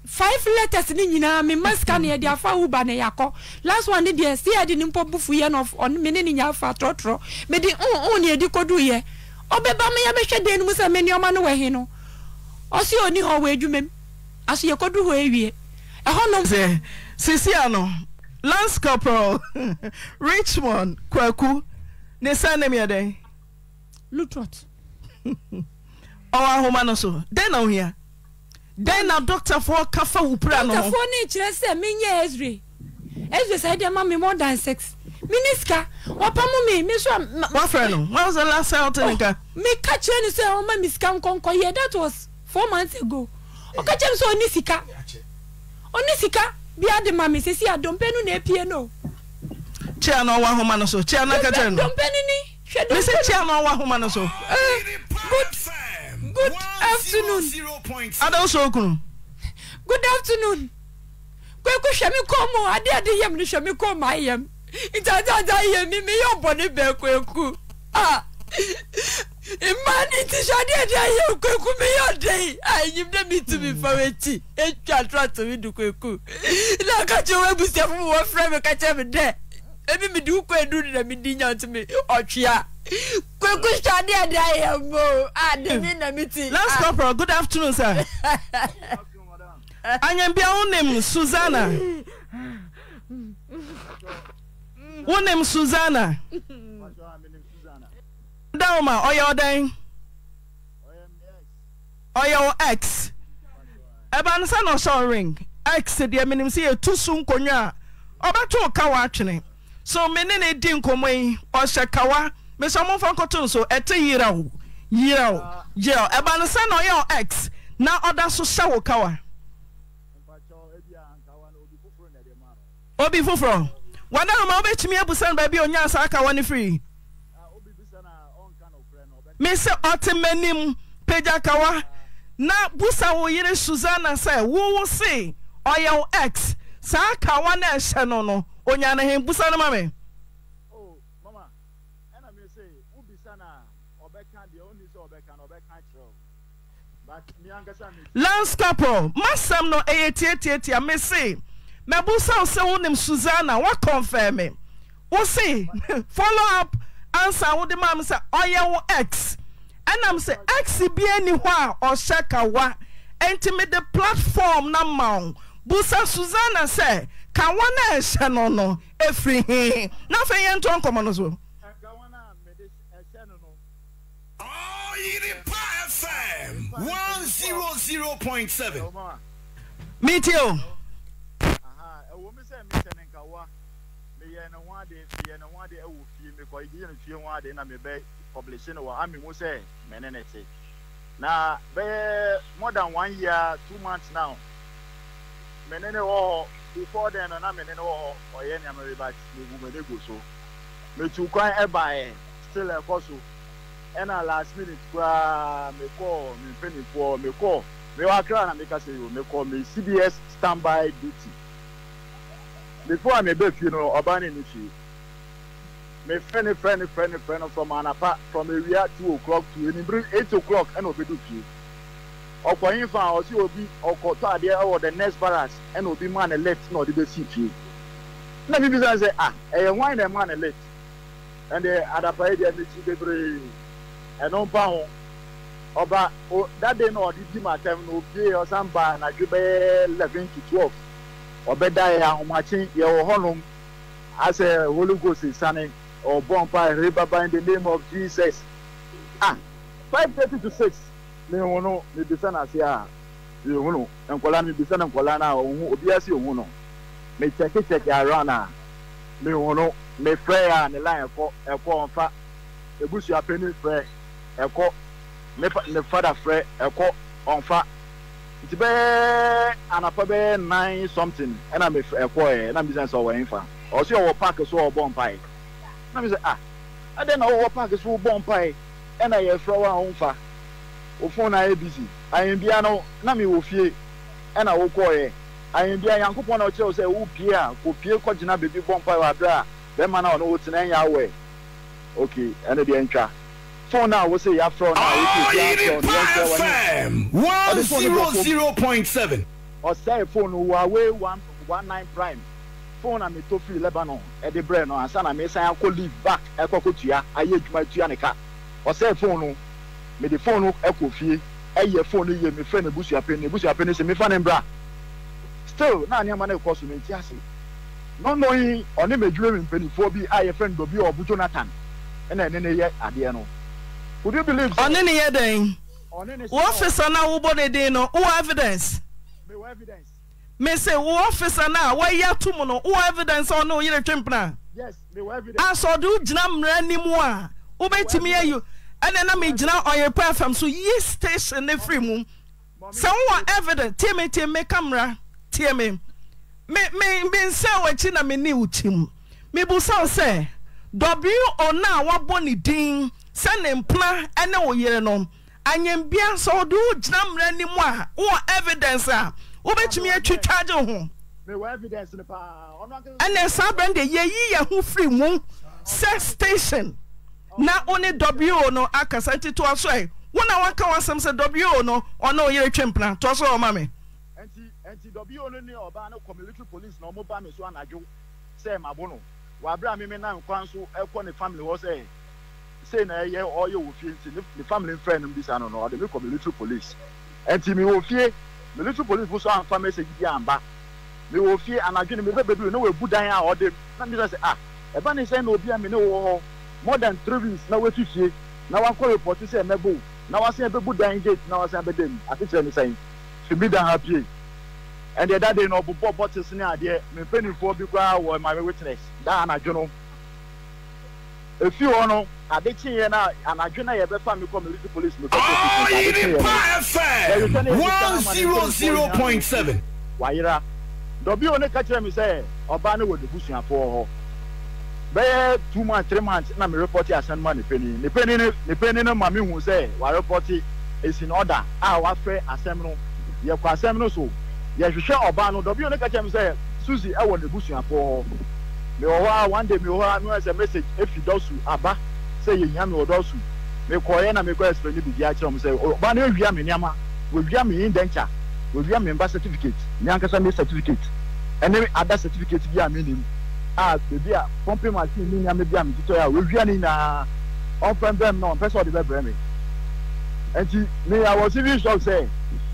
five letters ni nyinaa mi ma sika ni yɛ de afa uber na yakɔ last one ni deɛ si yɛ de ni mpɔ bufu yɛ na ɔne mi ni ni nya afa trɔtrɔ mi di un un ni yɛ di kodu yɛ. ɔbɛba mayɛbɛhwɛ den nomu sɛ menne ɔma no wɔ he no ɔsɛɛ oni hɔ wɔ adwumam aso yɛkɔdo hɔ awie ɛhɔnosɛ sesia no lans copral richmond kwaku ne sa nnemɛdɛn wɔhoma no so ɛn naohia dɛn na dɔktafoɔ kafa wopra notafoɔ ne kyerɛ sɛ meyɛ asre asre sawideɛ mame moansi mini sika wapamu mi mi so. wafẹ no when was the last time ọtí nìkan. mi ká kyerẹ́ ni sẹ́ ọ́n ma oh, mi sika nkọ́nkọ́ yẹ that was four months ago ọ̀ká kyerẹ́ mi sẹ́ ọ́n ní sika ọ́n ní sika bí adi ma mi sisi adompenu na epie no. chia na ọwa ahoma no so chia na kẹtẹ no. dompenu ni hwẹ dompenu. mi sẹ chia na ọwa ahoma no so. Eh, good good afternoon. adansi okunu. good afternoon. kweku hwẹ mi kọ́ mu adi adi yẹ mi ni hwẹ mi kọ́ mu ayẹ mi. ntaataata yɛ mi mi yɛ bɔ ne bɛɛ kweku a mmaa ti hyɛ adeɛ de ayɛ kweku mi yɛ ɔde yi a enyim de mi tu mi fa w'ekyi etwa ato ato mi du kweku na mi kakyɛ mi dɛ ebi mi di ukɔ edu na mi di ɔtwea kweku ayɛ mo a de mi na mi ti. good afternoon sir wo nim susana da wo ma ɔyɛ wɔdn ɔyɛ w x ɛbanesa na ɔhyɛwo rin x deɛ menim sɛ yɛtu su nkongwa a ɔbɛto wo kawa atwene so menne ne di nkomo yi ɔhyɛ kawa mesɛmo mf nkoton so ɛte yira wo yiraw yiɛw ɛbanesa na ɔyɛ wɔ x na ɔda so hyɛ wo kawa obi foforɔ wana roma wobɛkyimiaabusa no baabi a ɔnya saa ka wa ne firi me se ɔte m'anim pagya kawa na busa wo yere susana sɛ wowo se ɔyɛwo x saa ka wa ne ɛhyɛ no no onya ne he busa no ma me oh, lans kope masɛm no ɛyɛ tietietia me se Me mɛbusa ose sɛ wonim susana woakɔmfɛɛ me wo se follow up ansa wode maa me sɛ ɔyɛ wo x ɛnam sɛ x bia ni hɔ a ɔhyɛ kawa ɛnti mede platform na ma wo busa susana say kawa no a ɛhyɛ no no ɛfiri hee na afei yɛntoa nkɔmmɔ no so Oyiripa FM 100.7. Meet you. ne tue ho ade na mebɛ publishe no wɔ ame mu sɛ mene ne te na bɛyɛ more than one year two months now mene ne wɔ hɔ before then no na mene ne wɔ hɔ ɔyɛ nneɛma bi but mebu mene go so metu kwan ɛbaeɛ still ɛkɔ so ɛna last minute koraa mekɔɔ uh, me mpanimfoɔ mekɔɔ mewɔ akra na meka sɛ yo mekɔɔ me cbs standby duty before a mebɛ fie no ɔbaa ne ne fie me friend friend friend friend from anapa from area two o'clock to enibiri eight o'clock ɛna obi do fie ɔkɔ yin fa ɔsi obi ɔkɔ tɔ adeɛ ɛwɔ the next barracks ɛna obi man anɛ left na ɔde bɛ si fie na mi bi sɛ sɛ ah ɛyɛ wɔn na ɛmu anɛ left ɛnde adapa yi deɛ n'ekyi bebree ɛno mpa ho ɔba o that day na ɔde di ma tɛm na obie ɔsan ba anadwo bɛyɛ eleven to twelve ɔbɛda yɛ ahomakye yɛ wɔ hɔnom asɛ holy ghost sani ọ̀bọ̀n pa ẹ̀rí bàbá in the name of Jesus ah five thirty to six Me hun no Me bisa na ase Me ni hun no nkɔla me bisa na nkɔla na ohun obi ase ohun no mi check kyɛkɛ around a ni Me no Me frɛ a ne line ɛkɔ ɛkɔ nfa ebusua panyin Me ɛkɔ ne fada frɛ ɛkɔ ɔnfa nti bɛɛ anapa bɛɛ nine something ɛna mi ɛkɔ yɛ ɛna mi sɛ sɛ ɔwɔ nfa ɔsi ɔwɔ paaki so ɔbɔ mpa yɛ. na mi sɛ ah adɛn na wɔwɔ paaki so bɔ mpae ɛna yɛfrɛ wo a womfa wo fon na ayɛ busy ayɛnbia no na mewɔ fie ɛna na wo sɛ wopie a kɔpie kɔgyina beebi bɔ mpae wɔ a bɛrima no ɔno wotena ɛnyɛ awɛ okay ɛne deɛ ntwa phone now we say you have phone now. Oh, you FM one zero zero point seven. Or phone Huawei one nine phone a metɔ firi lebanon ɛde e brɛ no ansa na mesan akɔ leave back ɛkɔ kɔtua ayɛ adwuma tua ne ka ɔsɛɛ phone no mede phone no ɛkɔ fie ɛyɛ phone no yie mefrɛ ne busuapɛ ne busuapɛ no sɛ mefa ne mbra still na nneɛma no ɛkɔ so menti ase nɔnɔyi ɔne mɛdwuma mpanimfoɔ bi a yɛfrɛ no dɔbi a ɔbo jonathan ɛna ɛne ne yɛ adeɛ no would you believe. ɔne ne yɛ dɛn wɔfisa na wobɔ ne din no wowɔ evidence. s wo ɔfisa no a woayɛ atom nowowɔ vinc neoyeeasɛ ɔde wogyina mmara nim a wobɛtumi yi ɛne na megyina ɔyerpɔ afam so yi station ne firi mu sɛ wowɔ vin timi meka mra time nɛ wainmenwow sɛ wono woabɔ ne in sɛne mpena ne wo yere no ayambia sɛ ɔde wo gyina mmara nim a wowɔ ɛvidence a wobɛtumi atwitwa gye ho ɛnɛ saa berɛ de yɛyi yɛ ho firi mu sɛ station na wo ne wo no akasa nti toa so ɛ wo na woaka w'asɛm sɛ wo no ɔne wo yere twe toa so ɔma me nti wo no ne ɔbaa no kɔ military police na ɔmo ba me so anadwo sɛ mabo no wabere a meme nam kwan so ɛkɔ ne family hɔ sɛ sei na ɛyɛ ɔyɛ wɔ fie nti ne family mfrɛ no bisa no no ɔde me kɔ military police nti mewɔ fie military police nso anfa message bi anba mi wɔ fie anadwo ne mi bɛ bebree na wɔabu dan a ɔde na mi sɛ sɛ ah ɛba ne sɛn na obi a mi ne wɔ hɔ more than three weeks na wɔatu fie na wakɔ report sɛ ɛmɛbo na wasan bɛbu dan gate na wasan bɛda mu akekyerɛ ne sɛn fimi dan ha pie ɛnna ɛda de na ɔbobɔ bottles ne adeɛ mi mpanimfoɔ bi koraa wɔ maame witness da anadwo no efi hɔ no ade kyinyɛ na anadwo na yɛbɛfa mi kɔ military police mi kɔ kɔ ade kyinyɛ one zero zero point seven. wayera dɔbi o ne ka kyerɛ mi sɛ ɔbaa ne wɔ ne hɔ bɛyɛ two months three months na mi report asɛn ma ne panyin ne panyin ne ne panyin ne maame hu sɛ wa report esi na ɔda a wafɛ asɛm no yɛkɔ asɛm no so yɛhwehwɛ ɔbaa no dɔbi o ne ka kyerɛ mi sɛ suzy ɛwɔ ne hɔ mewɔ a one day mewɔ hɔ a mewɔ sɛ message efi dɔsu aba sɛ yɛnyia mewɔ dɔsu mekɔɔyɛ na mekɔ explain biribi akyerɛ mo sɛ ɔbaa no ewia me nneɛma wɔwia me yin dɛnkya wɔwia mba certificate me ankasa me certificate ɛne ada certificate bi a menim a beebi a pumping machine ne nneɛma bi a metotɔ a wɔwia ne nyinaa ɔmpɛ bɛm na ɔmpɛ sɛ ɔde bɛbrɛ me nti meyawɔ civil shop sɛ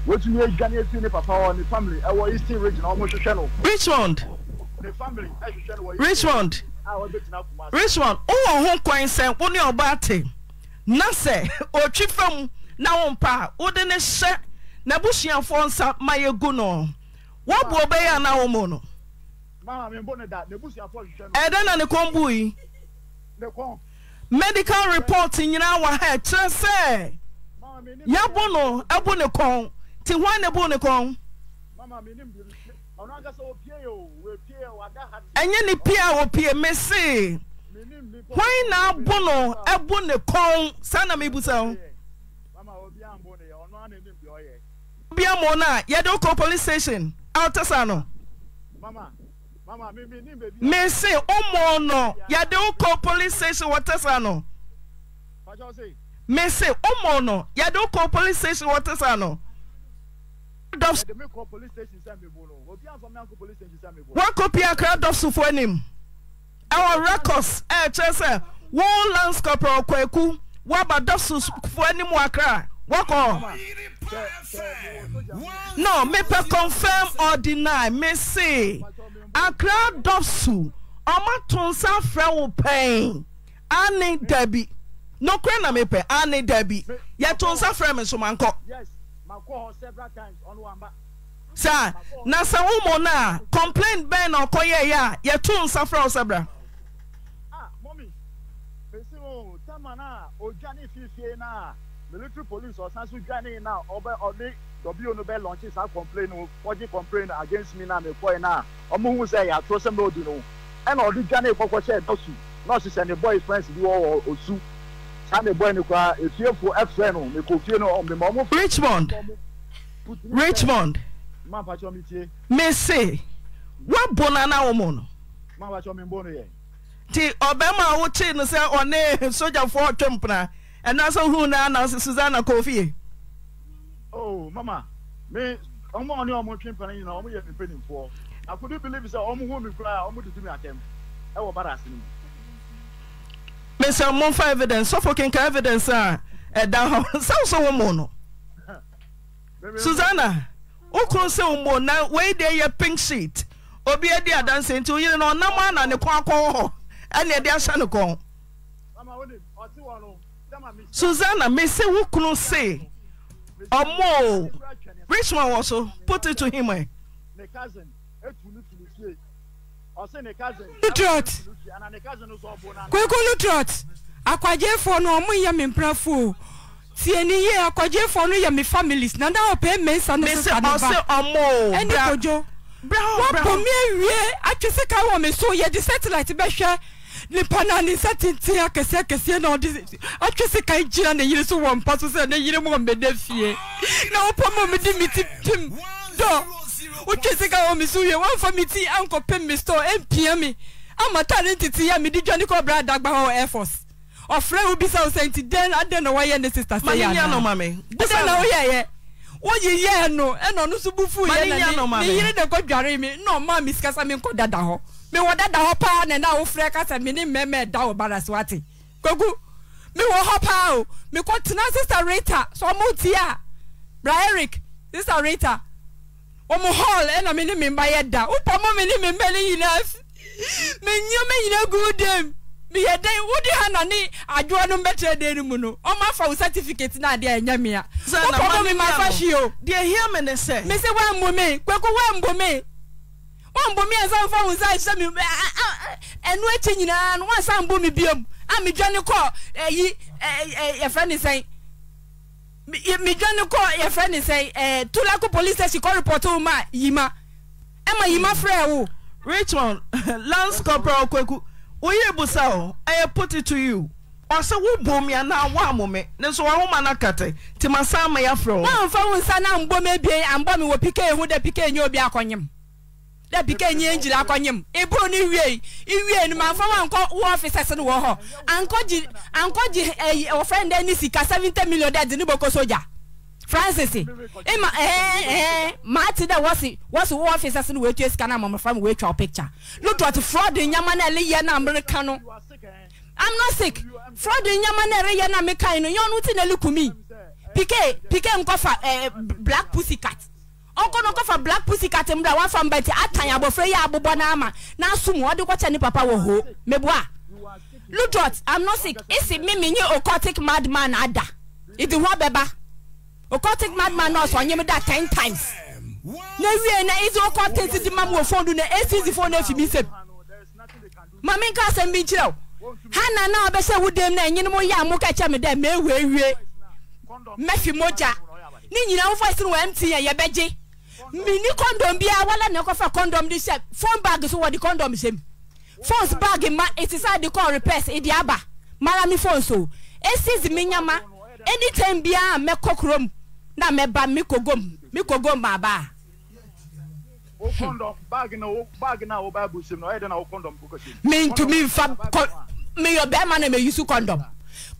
wɔtumi adwane afiri ne papa wɔ ne family ɛwɔ eastern region ɔmo hwehwɛ no richmond richmond wowɔ ho kwan sɛ wo ni ɔba te na sɛ ɔtwi fam na wo mpa a wode ne hyɛ n'abusuafoɔ nsa ma yɛgu no woabu ɔbɛyɛ a na wo mu no ɛdɛ na ne kɔn bui medical report nyinaa wɔ ha ɛkyerɛ sɛ yɛbo no ɛbo ne kɔn te hwan na ɛbo ne kɔn ɛnyɛ ne pi a wɔpue me se wɔi naa bo no ɛbo ne kɔn sa na mbusa oobiammo n a yɛde wo koɔ police station aɔte sa nome se omɔ no yɛde wo ko police station wɔ te sa no dɔf. wɔkɔpi akra dɔfsofo anim ɛwɔ records a ɛkyerɛ sɛ wɔn lance corporal kwaku wɔaba dɔfsofo anim wɔ akra wɔkɔ. no mepɛ confirm or deny me se akra dɔfso ɔma to nsa frɛ wo pɛn ane dabi nokorɛ na mepɛ ane dabi yɛto nsa frɛ me so mankɔ. Yes saa na sɛ ah, wo mu no a complaint bɛn na ɔkɔyɛeɛ a yɛto nsa frɛ wo sɛ bra military police ọ̀sán sún jẹ́ nìyí náà ọbẹ̀ ọdún w no bẹ́ẹ̀ lọ́ọ̀kì sá complain o fọ́jì complain against me náà mi kọ́ ẹ̀ náà ọmọ ohun sẹ́ yà tó sẹ́mi òdì nù ẹ̀nà ọdún jẹ́ nìyí kọ́kọ́ sẹ́ ẹ̀ nọ́ọ̀sì nọ́ọ̀sì sẹ́ni boy friends bí wọ́n wọ̀ ọ̀sùn ana ebo ẹni kura efiefo ẹfẹ no mi kò fie no mi ma richmond richmond mese wabọ nana ọmọ no. ti ọbẹ̀mọ̀ àwọn kye ni sẹ ọ̀nẹ́ sojafọ́ ọ̀twẹ́ mpona ẹ̀nà sọ hu na na susanna kofi. o oh, mama mi ọmọ ọni ọmọ twe mpana yìí na ọmọ yẹ mi pẹ nìfọ akudu believe sẹ ọmọ hu mi kura ọmọ tutu mi atẹm ẹwọ bara ase mesɛ momfa evidence sɔfo kenka evidence a ɛda hɔ sɛ wo sɛ wo no Susanna, wokuro sɛ wo mo na wei deɛ yɛ pink sheet obi adi adanse nti woyere no ɔnam ana ne kɔn akɔwɔ hɔ ɛne ɛde ahyɛ ne kɔn susana mese wo kunu se ɔmo richmond wɔ so put it to him ɛ. Eh. Patriot kwekulu trot akwagyefoɔ no ɔmo yɛ me mprafoɔ tie ni yie akwagyefoɔ no yɛ me families na na ɔpɛ mmensa no sisa ne ba ɛne kojo wapɔ mi ewie atwi sika wɔ me so yɛde satellite bɛhwɛ nipa na ne nsa tenten akɛseɛ akɛseɛ na ɔde atwi sika gyina ne yere so wɔ mpa so sɛ ne yere mu ɔmɛ ne fie na ɔpɔ mu ɔmɛ de mi ti pim dɔ wotwi sika wɔ me so wie wɔn fa mi ti ankɔpem mi store ɛmpia mi ama taa ne tete yɛ mede dwa ne kɔbra adagba hɔ air force ɔfrɛ wo bisa wo sɛ nti dɛn adɛn na wɔyɛ ne sister sɛ yɛadɛn na woyɛyɛ woyi yɛɛ no ɛna ɔno so bu fuu yɛ na ne yere de kɔdware me na ɔmaa me sika sa menkɔ dada hɔ mewɔ dada hɔ paa na ɛna wofrɛ ka sɛ mene mmɛma ɛda wo bara so ate kwagu mewɔ hɔ paa o mekɔtena sister rita sɛ ɔmo tie a bra eric sister rita ɔmo hall ɛna mene memba yɛ da wopɔ mo mene memba no nyinaa menyoma nyina gu dem meyɛ dɛn wode ha na ne adwoɔ no mbɛkyerɛ dɛn no mu no ɔma fa wo certificate no adeɛ ɛnyɛ me a me mafa o deɛ hia me ne sɛ me sɛ woambo me kwako woambo me woambo me ansa mfa wo nsa hyɛ me ɛno akyi nyinaa no woansa mbo me biom a kɔ yɛfrɛ ne sɛn kɔ yɛfrɛ ne eh, sɛn tulako police station kɔ wo ma yima ɛma yima frɛ wo richmond lance corporal kwaku woyɛ busa o ɛyɛ put it to you ɔsɛ bu ya na wo amome ne nso wahoma no kata nti masa ma yɛafrɛ wo mamfa wo nsa na ambɔ pike ho de pike nyɛ obi akɔnyem dɛ pike nyɛ ngyira akɔnyem eburo wie wiei wo ankɔ wo wɔ hɔ 70 million francis ịma ee eh ma ati dɛ wɔsi wɔsi wɔ ɔfisi ɛsɛ ni wo etu esika na mama from wo your picture Look what fraud in na ɛli Americano. i'm not sick fraud in na ɛli Americano. na mi kan no nyɔnu ti na ɛli kumi pike pike nkɔfa black pussy cat ɔnkɔ na ɔkɔfa black pussy cat mu da wafa mbɛti atan abɔfra yi abobɔ n'ama n'asum ɔde kɔkyɛ ne papa wɔ hoo Look what i'm not sick esi mi mi nye occultic madman ada ìdìwọ́ bɛ ba. okɔtik madman nurse ɔnye mi da ten times na wie na ezi okɔ ten sisi mam wɔ fone do na esisi fone na efi mi nsɛm maame nka asɛm bi nkyerɛw hana na ɔbɛsɛ wo dɛm na ɛnyini mo yɛ a mo kɛkyɛ mi dɛ mɛ ewie ewie mɛfi mogya ne nyinaa wo voice no wɔ mt yɛ yɛbɛgye mini kɔndɔm biara wala na ɛkɔfa kɔndɔm de hyɛ phone bag so wɔde kɔndɔm hyɛ mu phones bag ma esi sa de kɔ repairs edi aba mara mi phones o esisi mi nyama. anytime biaa mɛkɔ kurom na mɛba mekogom mekogom maabaa mentumi mfa meyɛ bɛrima na meyi so kɔndɔm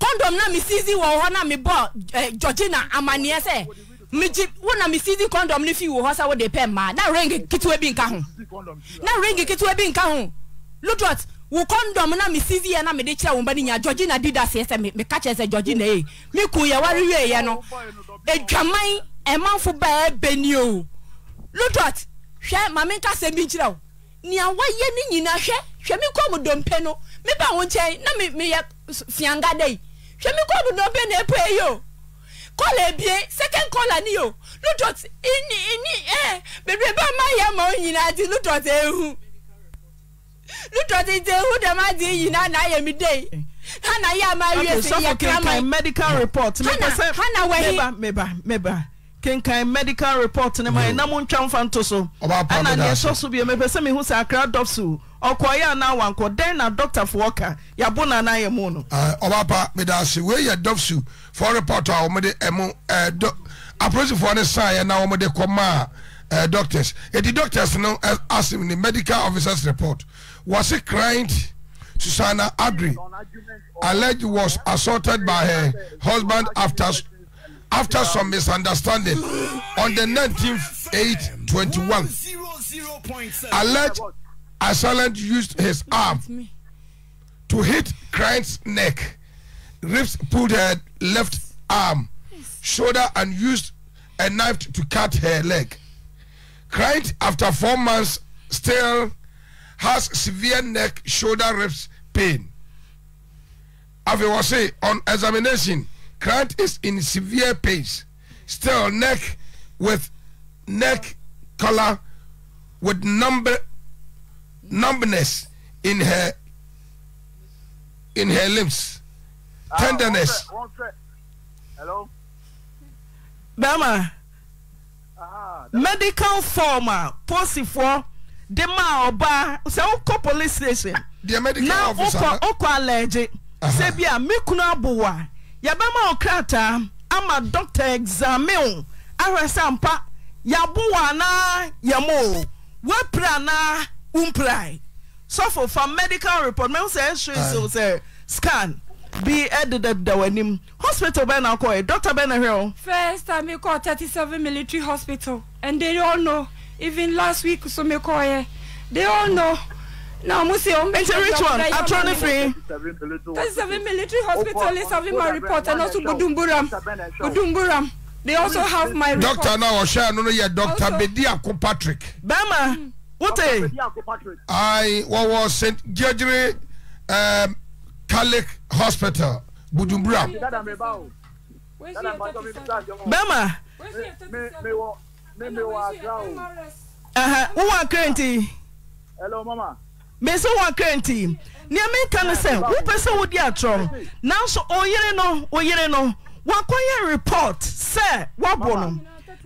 kɔndɔm na mesisi wɔ hɔ na mebɔ georgina amanneɛ sɛ megye wo na mesisi kɔndɔm no fii wɔ hɔ sɛ wode pɛ mmaa na ring ketewa bi nka ho na ring ketewa bi nka ho lodot wo kɔndɔm na mi si yɛ na mi de kyerɛ wɔn ba ni nya jɔji na dida seɛ sɛ mi mi ka kyerɛ sɛ jɔji na ye eh, mi kun yɛ wari wie yɛ no edwaman ɛmanfo bɛɛ bɛ ni o ludot hwɛ maame nka mi kyerɛ o nea wayɛ ne nyinaa hwɛ hwɛ mi kɔn mu dompe no mi ba wɔn nkyɛn na mi mi yɛ fianga de yi hwɛ mi kɔn mu dompe na epo eyi o kɔla ebie second kɔla ni o ludot ini ini ɛɛ eh, bebrebe ama yɛ ma o nyinaa ti ludot ehu. lutɔ tete hu dɛm adi yi na na ayɛ mi de ha na ya ama awie fi yɛ krama yi medical report hana meba meba medical report ne ma mm. na mo ntwa nfa nto so ɛna nea ɛsɔ so bie sɛ akra dɔpsu den na na mu no wei yɛ fɔ report a apolisifoɔ ne uh, doctors The doctors no uh, in the medical officers report Was he client susanna Adri alleged was assaulted by her husband after after some misunderstanding on the 19th 8 21 alleged assailant used his arm to hit client's neck rips pulled her left arm shoulder and used a knife to cut her leg crnt after four months still has severe neck shoulder rifts pain af wase on examination crnt is in severe pace still neck with neck color with numberness in her limps ah, tenderness medical former, a posifoɔ de ma ɔbaa sɛ wokɔ police station na wokɔ wokɔ alɛgye sɛ bi a me kunu abowa yɛbɛma wo krataa ama doctor examine ahwɛ sɛ mpa yɛabowa anaa yɛmo woapira anaa wompirae sɔfo fa medical report mɛhu sɛ ɛhwere so sɛ scan bi ɛdedada w'anim hospital bɛn na akɔ yɛ doctor bɛn na hwɛ o. first time mi call thirty seven military hospital and they all know even last week so mi call yɛ they all know na ɔmo si ɔmo bɛ ṣe doctor yɛ ɔmo atwere thirty seven military hospital is having my report and also Gudumburam. Gudumburam. they also have my report. doctor náà ɔhyɛ ẹnu no yɛ hmm. doctor bedi ako patrick. bɛẹ̀ma wote. ayi wɔwɔ st george. Um, catholic hospital bujumbura. bẹ́ẹ̀ma. wọ́n wà kírẹ́ǹtì. hello mama. mèsì wà kírẹ́ǹtì nneɛma nka no sɛ wopɛ sɛ wodi atorɔ nanso oyere no oyere no wakɔyɛ report sɛ woabɔ no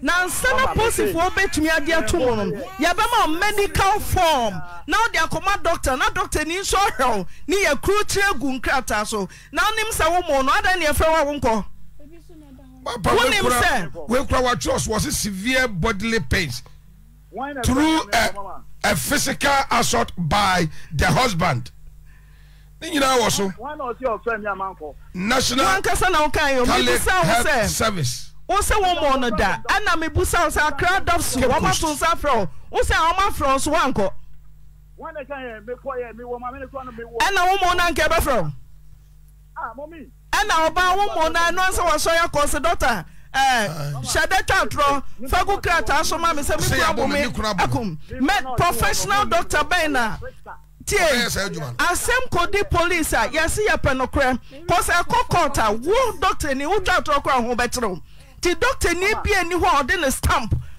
na nsa na posifoɔ bɛtumi adi ato mu no yɛbɛma medical form na ɔde akɔma doctor na doctor ni nso ɔhwɛw ne yɛ kuro kyerɛ gu nkrataa so na ɔnim sɛ wo mu no adan ne yɛfrɛ wa wo nkɔ wonim sɛ wekura watwerɛ so was se severe bodily pains through a, a physical assault by the husband ne nyinaa wɔ so national talent health service wosɛ wɔn mɔ no da ɛna mebusa wo sɛ akra dɔfso wɔma to nsa frɛ wo wo sɛ wɔma frɛ wo so woankɔ ɛna wo mɔ no anka ɛbɛfrɛ wo ɛna ɔbaa wo mɔ no ɛno sɛ wɔsɔ yɛ kɔ se dɔta hyɛdɛ twa atorɔ fa gu krataa so ma me sɛ mekura bome akom mɛ professional doctor bɛn na tie asɛm kɔdi police a yɛse yɛpɛ nokorɛ kɔsɛ ɛkɔ kɔɔta wo dɔctani wo twa atorɔ kora ho bɛkyerɛ wo nti doctor ni bi ani hɔ ɔde ne stamp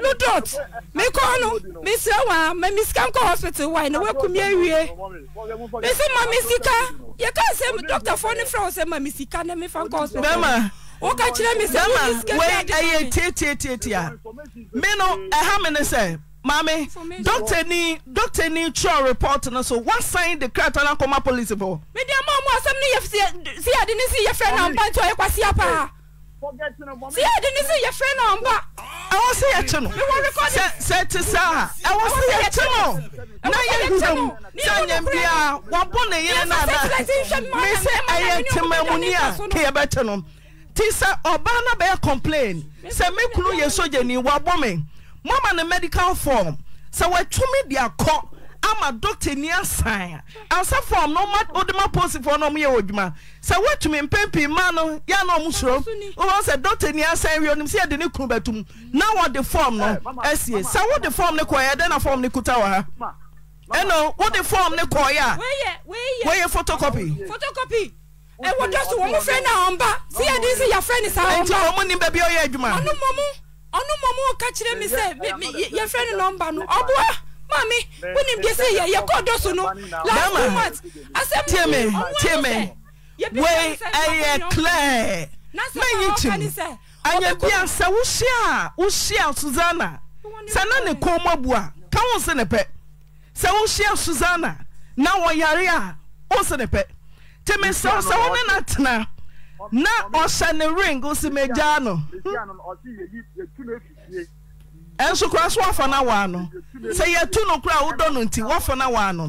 no dot mekɔ no mesrɛ wɔ a ma mesika ah. nkɔ ah. hospital wae na woakumi awie mesɛ ma mesika yɛka sɛ dɔctafoɔ no frɛ wo sɛ ma mesika na mefa nkɔ hospital woka kyerɛ me sɛ wei ɛyɛ tietietieti a me no ɛha me ne sɛ maame dɔktani dɔktani twerɛ report no so wasan de krataa no akɔma polisifoɔ mede ama mu asɛm no yɛ sɛ yɛde ne si yɛfrɛ na mpa nti ɔyɛ kwasia paa sɛ yɛde ne sɛ yɛfrɛ no ɔmba ɛwɔ sɛ yɛkye no sɛ te saa a ɛwɔ sɛ yɛkye no na yɛhwɛm sɛ nyambia wɔbɔ ne yere no ana me sɛ ɛyɛ ntemamuni a ke yɛbɛkye no nti sɛ ɔbaa no complain sɛ me kunu yɛ sogyani wɔabɔ me mama ne medical form sɛ wɔatumi de akɔ ama dɔkta ni asan a asafo a ɔmo ɔde ma polisifoɔ na ɔmo yɛ wɔ adwuma sɛ wetumi mpempi mmaa no yɛ na ɔmo soro wɔn sɛ dɔkta ni asan wie onim sɛ yɛde ne kunu bɛtum na wɔde fɔm no eh, ɛsie sɛ wɔde fɔm ne kɔɛ ɛdɛ na fɔm ne kuta wɔ ha ɛnna wɔde fɔm ne kɔɛ a wɔyɛ photocopy. photocopy ɛwɔ dɔ so wɔn mo fɛn na ɔn ba si yɛ de si yɛ fɛn ni sa ɔn ba nti wɔn mo ni bɛbi ɔyɛ adwuma ɔno mɔmu ɔno mɔmu kakyire mi sɛ yɛ fɛn ni nɔmba no ɔboa. tme wei ɛyɛ klaɛ mayi kim anya bi a sɛ woya wohyi a susana sɛne ne kɔnma bu a ka wose ne pɛ sɛ wohyia susana na wɔyare a wonse ne pɛ nti misɛ sɛ wo ne natena na ɔhyɛ ne ring osɛ me agyaa no ɛnso koraa so wafa no waa no sɛ yɛatu no koraa wodɔ no nti woafa no waa no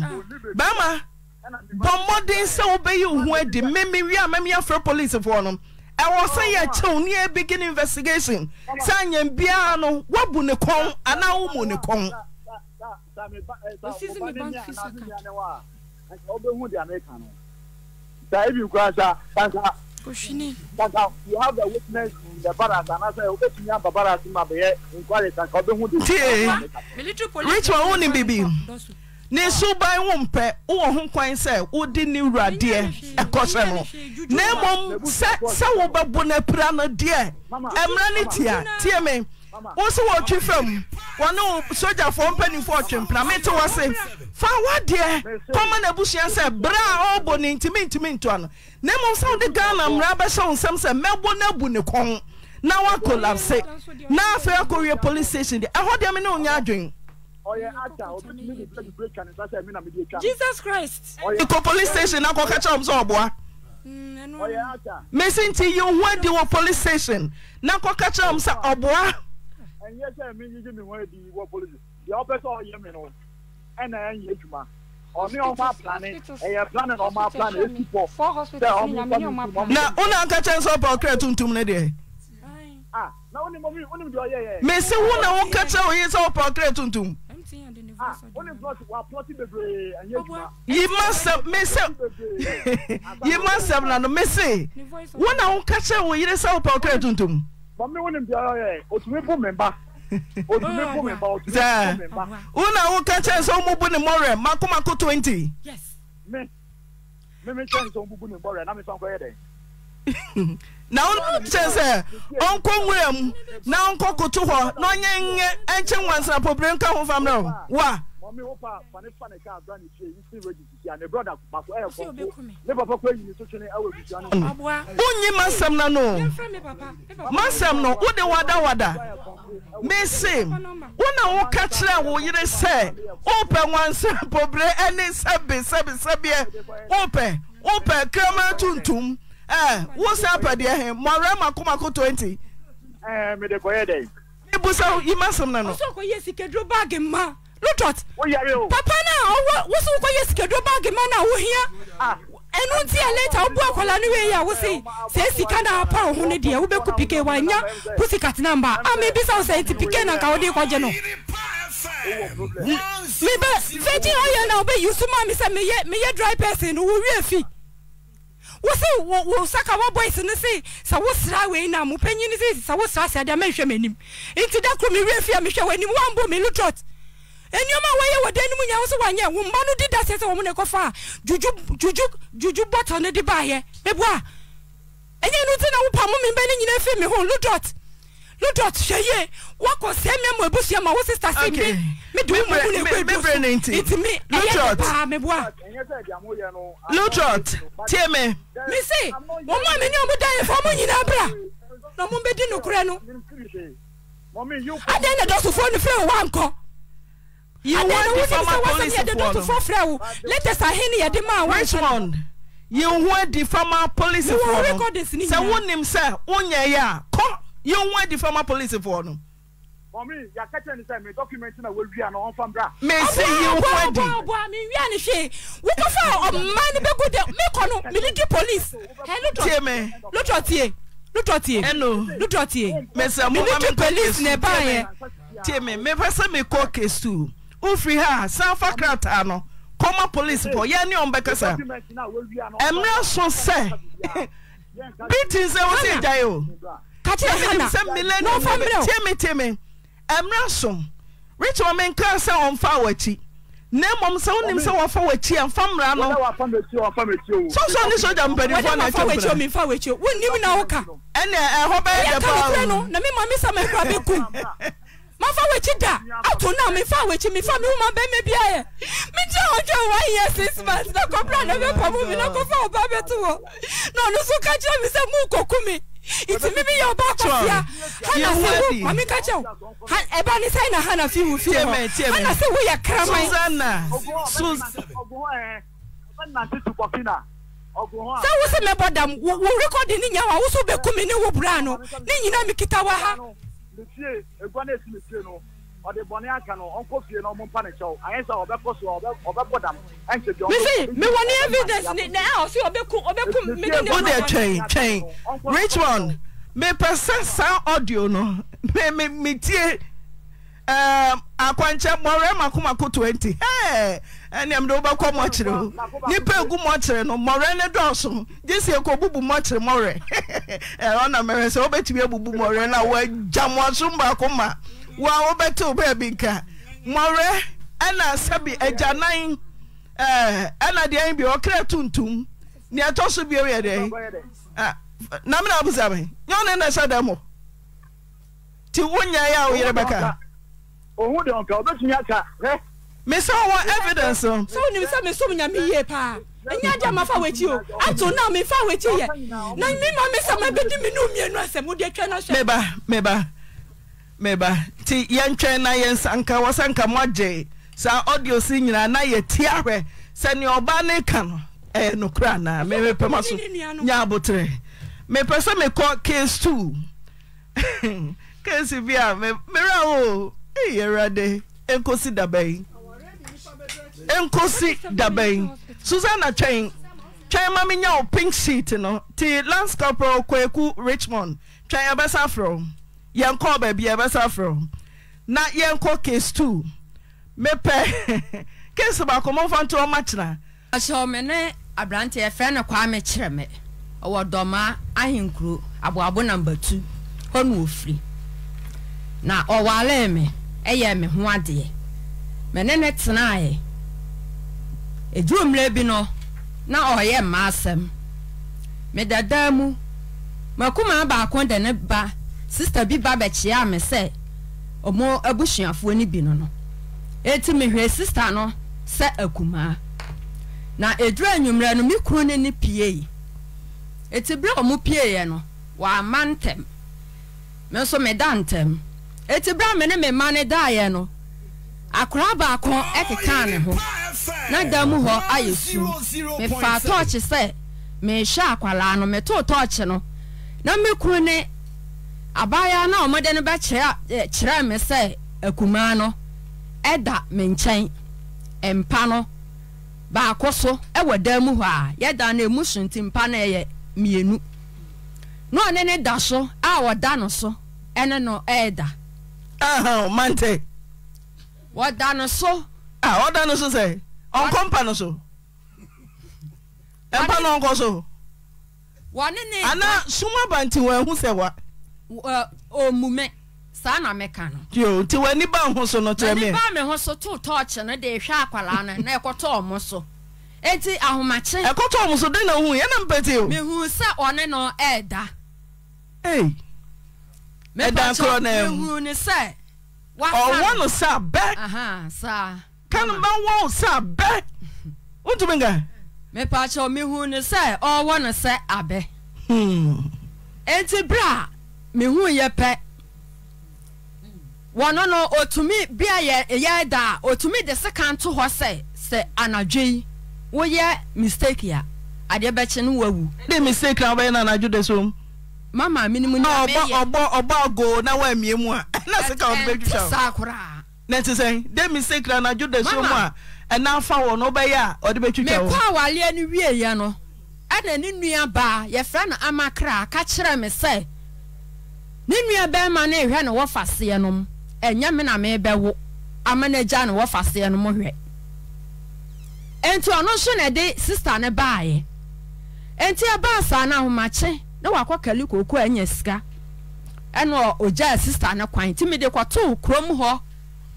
bɛrima bɔ mmɔden sɛ wobɛyi wo ho adi meme wie a mameyɛfrɛ policefoɔ no ɛwɔ sɛ yɛkyɛw ne yɛbegin investigation sɛ anyam biara no woabu ne kɔn anaa womu ne kɔn saa ebi nkura sa kansa Oshini. Kaka, you have a witness in the barracks and I say, okay, to me, I'm a barracks in my bed, inquiry, and I'll be who the. Which one, only baby? ne nso ban wo mpɛ wowɔ ho kwan sɛ wodi ne wuradeɛ ɛkɔ sɛ no na mmom sɛ sɛ wobɛbo no apira no deɛ ɛmmra ne tia tie me wosi wɔ twi fam wɔne sogyafoɔ mpanimfoɔ ɔtwempena mete wɔ se fa wadeɛ kɔma no abusua sɛ berɛ a ɔbɔ ne ntimi ntimi ntoa no na mmom sɛ wode ghana mmara bɛhyɛ wo nsɛm sɛ mɛbɔ no abu ne kɔn na woakɔlapse na afei akɔwie police station deɛ ɛhɔ deɛ me ne wonya adwen jesus christ ikɔ police station na kɔka kyerɛ wom sɛ ɔboa mm, mesi nti yi wo ho adi wɔ police station na kɔka kyerɛ wom sɛ ɔboa ɛnyɛ sɛ mi yiyi mi wɔn edi wɔ polisi deɛ ɔpɛ sɛ ɔyɛ mi no ɛna ɛnyɛ adwuma ɔne ɔmo aplane ɛyɛ plane na ɔmo aplane esi pɔ sɛ ɔmo nfa mi tu ɔmo. na wọn na nkɛkyɛ nsọ pa ɔkura tuntum ne deɛ. a na wọn ni mo mi ni mo di ɔyɛ yɛ. mesi wọn na wọn kɛkyɛ oye sɛ ɔpa ɔkura tuntum. a wọn ni plɔti sɛm mesi yi ma na no mesi wọn na wọn kɛkyɛ oye sɛ ɔpa tuntum mami wo ni bi ayɔ yɛ otumi bu mi ba otumi bu mi ba otumi bu mi ba. wúna wò kẹ́kẹ́ sọ mu bu ni mọ́rẹ̀ makomako twenty. mi mi mi kẹ́ nsọ mu bu ni mọ́rẹ̀ náà mi sọ nkọ́ yẹ dẹ̀. na wọn kyerɛ sɛ ɔnkɔ nwura mu na ɔnkɔ koto hɔ na ɔnyɛ nyɛ ɛnkyɛn wansana pobre nka ho famina o wa. mɔmi wo pa fani fani ka adura ni fie yi si bia ne brother baako ɛyɛ kɔnkɔ ne papa kɔ eyi ne soso ne ɛwɔ ebusua no. Mm. wonyi masɛm na no masɛm no wode wadawada eh, mesim wona woka kyerɛ wo yere sɛ wopɛ nwansa pobre ɛne sɛbe sɛbe sɛbeɛ wopɛ wopɛ krama tuntum ɛɛ wosan pɛ deɛ hɛn mɔrɛ mako mako twenty. ɛɛ eh, mede kɔyɛ dɛ. ibusa yi masɛm na no. ɔsɔ kɔ yɛ sikaduro baagi ma lutot papa na ɔwɔ woso wokɔ yɛ sikaduro baage ma na wohia ɛnu ti yɛ leta wobu akɔla ne wei a wosi sɛ sika na apa wo ho ne deɛ wobɛku pike wanya pusikat namba a mebisa wo sɛ nti pike na nka wode kɔgye no mebɛ fɛgye ɔyɛ na wobɛyi so ma me sɛ meyɛ meyɛ dry person no wowie fi wosi wo wo saka wa boys ne se sɛ wosra wei na mo panyin ne se sɛ wosra sɛ deɛ mɛhwɛ m'anim nti da koro mewia fi a mehwɛ w'anim woambɔ me lutrot nneɛma a wɔyɛ wɔ dan no mu nyɛ wo sɛ wanyɛ wo mma no di da sɛ sɛ wɔm ne juju juju juju bɔtɔ no de baayɛ meboa ɛnyɛ no nti na wopa mo membɛ no nyina fi me ho lodot lodot hwɛ yie woakɔ sɛ me ama abusua ma wo sista se me mede wo mamu ne ɛkɔɛdu so nti me ɛyɛ paa meboa lodot tie me me se wɔm a mene ɔmo dayɛfo ɔmo nyinaa bra na ɔmo mbɛdi nokorɛ no adɛn na dɔsofoɔ no frɛ wo wankɔ you want the former police foɔ no latest ahene yɛde ma a which one You yɛnhu adi former police foɔ oh, oh, oh, no sɛ wonim sɛ wonyɛ yɛ a kɔ yɛnhu adi former police For no mọ̀mí yàtọ̀ tẹ̀ ní sẹ́ mi dọ́kúmẹ̀ntì náà wọ́n wí àná wọ́n fọ́n bra. mi sì yí wọ́n wọ́n di. ọ̀bọ̀ ọ̀bọ̀ mi wí àná ṣe wọ́n kọ́ fún ọ̀ma ní bẹ́ẹ̀ gúdẹ̀ mi kọ́ nu mi ní di police. ẹ lójọ tiẹ mẹ. lójọ tiẹ lójọ tiẹ. ẹnu lójọ tiẹ. mẹsàn-án mo police mi kọ́ kẹsù tiẹ mẹ mi fẹ́ sẹ́ mi kọ́ kẹsù. wofiri haa san fa kra taa no kɔma police pɔ yɛane ɔbɛkɛ sa mmera so sɛ bi tim sɛ wosɛyae oɛm mmera so rechimamenkra sɛ ɔmfaa wakyi na mmɔm sɛ wonim sɛ wofa wakyi a mfammara no soso ne soya paiɛnɛɛa mafa wekyi da ato na mefa wekyi mefa me woma bɛma bi ayɛ megya ɔdwa one year six months na kɔbra na bɛpa mu bi na kɔfa ɔba bɛto hɔ na ɔno so ka kyerɛ e eh, eh, eh, me sɛ mukɔku me nti mimi yɛ ɔba akɔfia hana sɛ wo mame ka kyɛ wo ɛba ne sɛe na hana fi wo fie hɔ hana sɛ woyɛ kraman sɛ wo sɛ mɛbɔ dam wo rekɔde ne nya hɔ a wo so bɛku me ne wo bra no ne nyina mekita wa ha nfie egua na esi nfie no ɔde bɔnne aka no ɔnkɔ fie na ɔmo mpa ne kyɛw ayɛ sɛ ɔbɛkɔ so ɔbɛbɔ dam ɛnkyɛ bi ɔmo. bisi mi wɔ ne evidence ni na ɔsi ɔbɛku ɔbɛku mi ni ne ma. o de twɛn twɛn richmond mepɛ sɛ saa audio no me me me tie ɛɛ eh, akwankyɛ mɔrɛ makomako twenty ɛɛ. ɛneam de wobɛkɔ mmɔkyere o nnipa egwu mmɔkyere no mmɔwerɛ ne dɔɔso gye sie kɔbubu mmɔkyere mmɔwerɛ ɔna mɛhwɛ sɛ wobɛtumi ebubu mmɔwerɛ na wɔagya mmoasom baako ma wo a wobɛtew baabi nka mmɔwerɛ ɛna sɛbi agyanan ɛna deɛn bi ɔkra tuntum nea ɛtɔ so bio yɛ dɛn na mena nyɛ na ɛsɛ dɛ mɔ nti wonyaeɛ a wo yerɛ bɛka mesɛwwɔ evidence ob nti yɛ ntwɛn na yɛ sanka wɔ sanka mɔagyee saa audeose nyinaa na yɛ te ahwɛ sɛnea ɔba ne ka no ɛ e, nokora naa mepɛmasonyaaboterɛ mepɛ sɛ mekɔ case 2o as bi a mewera o e, yɛ wrade ɛnkɔsi e, dabai nkosi dabɛn susanna twɛn twɛn ma menya wo pink sheet no ti lance corporal kwaku richmond twɛn ɛbɛsa frɛ yɛnkɔ baabi ɛbɛsa frɛ na yɛnkɔ case two mepɛ case baako momfa nto ɔma kyena ɔhyɛ me ne aberante yɛfrɛ no kwaa me kyerɛ me ɔwɔ dɔma ahenkuro aboabo namba tu hɔ no wɔfiri na ɔwalee me ɛyɛ me ho adeɛ me ne ne tenaeɛ eduru bi nọ na ɔyɛ mma asem medadaa mu makuma baako de ne ba sista bi ba bɛkyea me sɛ ɔmo abusuafoɔ no bi no no eti mehwɛ sista no sɛ akumaa na eduru anwummerɛ no me kuro ne ne pie eti bere ɔmo pie no wama ntɛm me nso me da ntɛm eti bere a ne me ma ne daeɛ no akora baako ɛkeka ne ho. na dan mu hɔ ayɛ sum mefa tɔɔkye sɛ mehwɛ akwala no metoo tɔɔkye no na me ne abaayaa na ɔmode no bɛkyerɛ eh, me sɛ akumaa no ɛda me nkyɛn mpa no baako so ɛwɔ dan mu hɔ a yɛda no emu so mpa no ɛyɛ mmienu na ɔne ne da so a wɔda no so ɛne no ɛɛda mante wɔda no so a ah, wɔda no so sɛ ɔnkɔ mpa no so mpa no ɔnkɔ so Ana suma ba nti wɔahu sɛ wa eh, saa na meka no nti w'ani ba ho so no kyerɛ meba me ho so too tɔɔkye no de hwɛ akwalaa no na ɛkɔtɔɔ mo so enti ahomakye ɛkɔtɔɔ mo so dɛn na ohu yɛna mpɛte o mehu sɛ ɔne no ɛɛda ɛda nkorɔ na ɛhu ne sɛ ɔwɔ no sa bɛ saa kan ba wɔn sɛ abɛ wontumi nka. mepaakyɛ mehu no sɛ ɔwɔ no sɛ abɛ enti berɛ a mehu yɛ pɛ wɔno no ɔtumi bia yɛ da a ɔtumi de seka nto hɔ sɛ sɛ anadwo yi woyɛ mistake a adeɛ bɛkye no woawu de mistake na wobɛyɛ no anadwo da som mama menim ɔbɔ ago na woamie mu a na seka wɔde bɛtwitwa saa na nti sɛ dɛ mistake na anadwo da so mu a ɛna afa wɔ no wobɛyɛ a ɔde bɛtwitwa wɔ mekɔ awareɛ no wieɛ no ɛna no amakra ka kyerɛ me sɛ ne nua bɛrima no ehwɛ no wɔfa seɛ no mu ɛnyɛ me na mebɛwo ama no agya no wɔfa mu hwɛ nti ɔno nso na ɛde sista no baeɛ nti ɛbaa saa no ahomakye na wakɔ kali kooko anya sika ɛna ogyaa sista no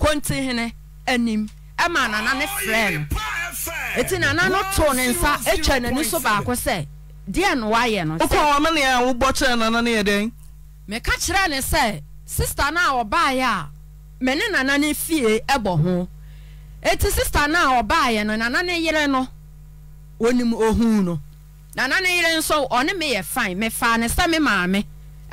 kontihene anim ɛma nana ne frɛ no eti nana no to ne nsa atwa n'ani so baako sɛ deɛ no wayɛ no sɛ wokɔ wɔn ne a wobɔ kyerɛ nana ne yɛ den meka kyerɛ ne sɛ sista no a ɔbaeɛ a me ne nana ne fie ɛbɔ ho eti sista no a ɔbaeɛ no nana ne yere no onim ohun no nana ne yere nso ɔne me yɛ fine mefa ne sɛ me maame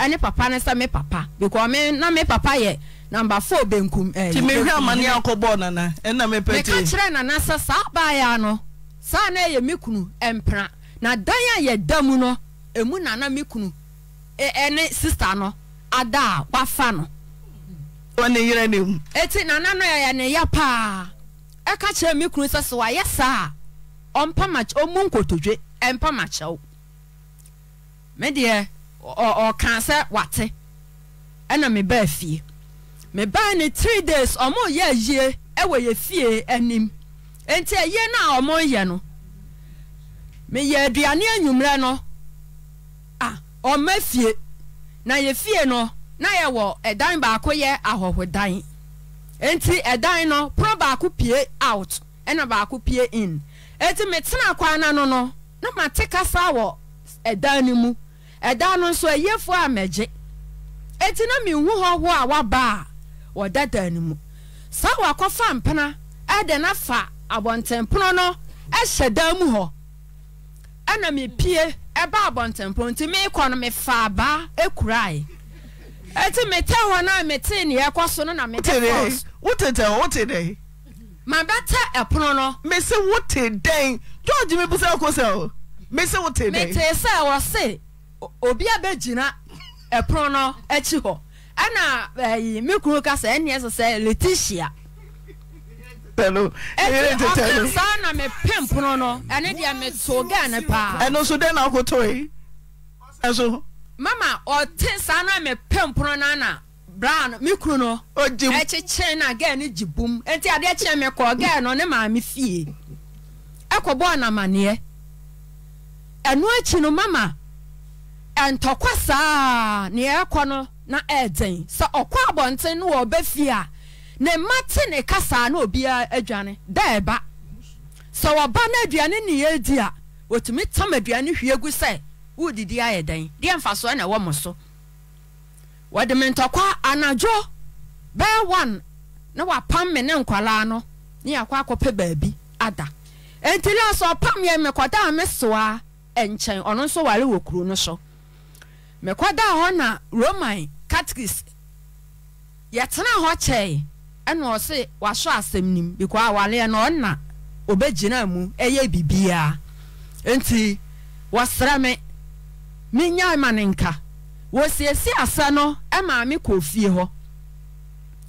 ne papa ne sɛ me papa because me na me papa yɛ namba four benkum ɛɛ eh, ti mehwɛ amani akɔ bɔɔ nana ɛna mepɛ tie meka kyerɛ nana sɛ saa baaya no saa na ɛyɛ me kunu ɛmpena na dan a da mu no emu nana me kunu ɛne e, e, sista no ada a wafa no ɔne yerɛ ne mu eti nana no yɛ ne ya paa ɛka kyerɛ me kunu sɛ so wayɛ saa ɔmpa ma ɔmu nkotodwe ɛmpa ma kyɛw me deɛ ɔka sɛ wate ɛna me baa fie mebaa ni three days ɔmo yɛ yie ɛwɔ yɛ fie anim nti ɛyie no a ɔmo yɛ no meyɛ aduane anwummerɛ no a ah, ɔmo efie na yɛ fie no na yɛwɔ ɛdan baako yɛ dan nti ɛdan no pono baako pie out ɛna baako pie in nti metena na no no na mate kasa wɔ ɛdan no mu ɛdan no nso ɛyɛfoɔ a mɛgye nti na mehu hɔhoɔ a waba a wɔda daa no mu saa wɔakɔfa mpena ɛde na fa abɔntenpono no ɛhyɛ dan mu hɔ ɛna mepie ɛba abɔntenpono nti meekɔ no mefa abaa ekurae ɛti metɛ hɔ na a metee ne yɛkɔ so no na metɛ fɔs. wote dɛn wote dɛn. ɛpono no. mese wote dɛn george mi busa ko sɛ o mese wote dɛn. mete sɛ wɔ se obi a bɛ gyina ɛpono no akyi hɔ. ɛna ɛyi mi kunu kasa ɛni ɛsɛ sɛ leticia. tẹlu eyiri pe tẹlu. nọ. na mi pin pono no ɛni deɛ na akoto yi ɛso. mama ɔti saa na mi pin pono na na brown mi o ji na gɛn ni ji bum adeɛ mi kɔ no ne maame fie ɛkɔ bɔ ɔnamaneɛ ɛnu no mama ɛntɔkwa saa ɛkɔ no. na ɛɛdɛn sɛ ɔkɔ abɔnten no wɔ ɔbɛ fie a ne mma te ne kasaa na obiara adwane dɛ ɛba sɛ wɔba no aduane ne yɛ di a wɔtumi tam aduane hwie gu sɛ wodidi ayɛ dɛn deɛ mfasoɔ na ɛwɔ mo so wɔde me ntɔkwa anadwo bɛɛ one na wapam me ne nkwalaa no ne yɛakɔ akɔpɛ baabi ada enti lɛ sɛ ɔpam yɛ mekɔda a mesoa ɛnkyɛn ɔno nso ware wɔ kuro no so mekɔda hɔ na roman catkis yɛtena hɔ kyɛe ɛna ɔse wasɔ asɛm nim bikɔ awaleɛ na ɔna obɛgyina mu ɛyɛ bibia nti wɔsrɛ me menya ma ne nka wɔsiesie asɛ no ɛma me kɔ fie hɔ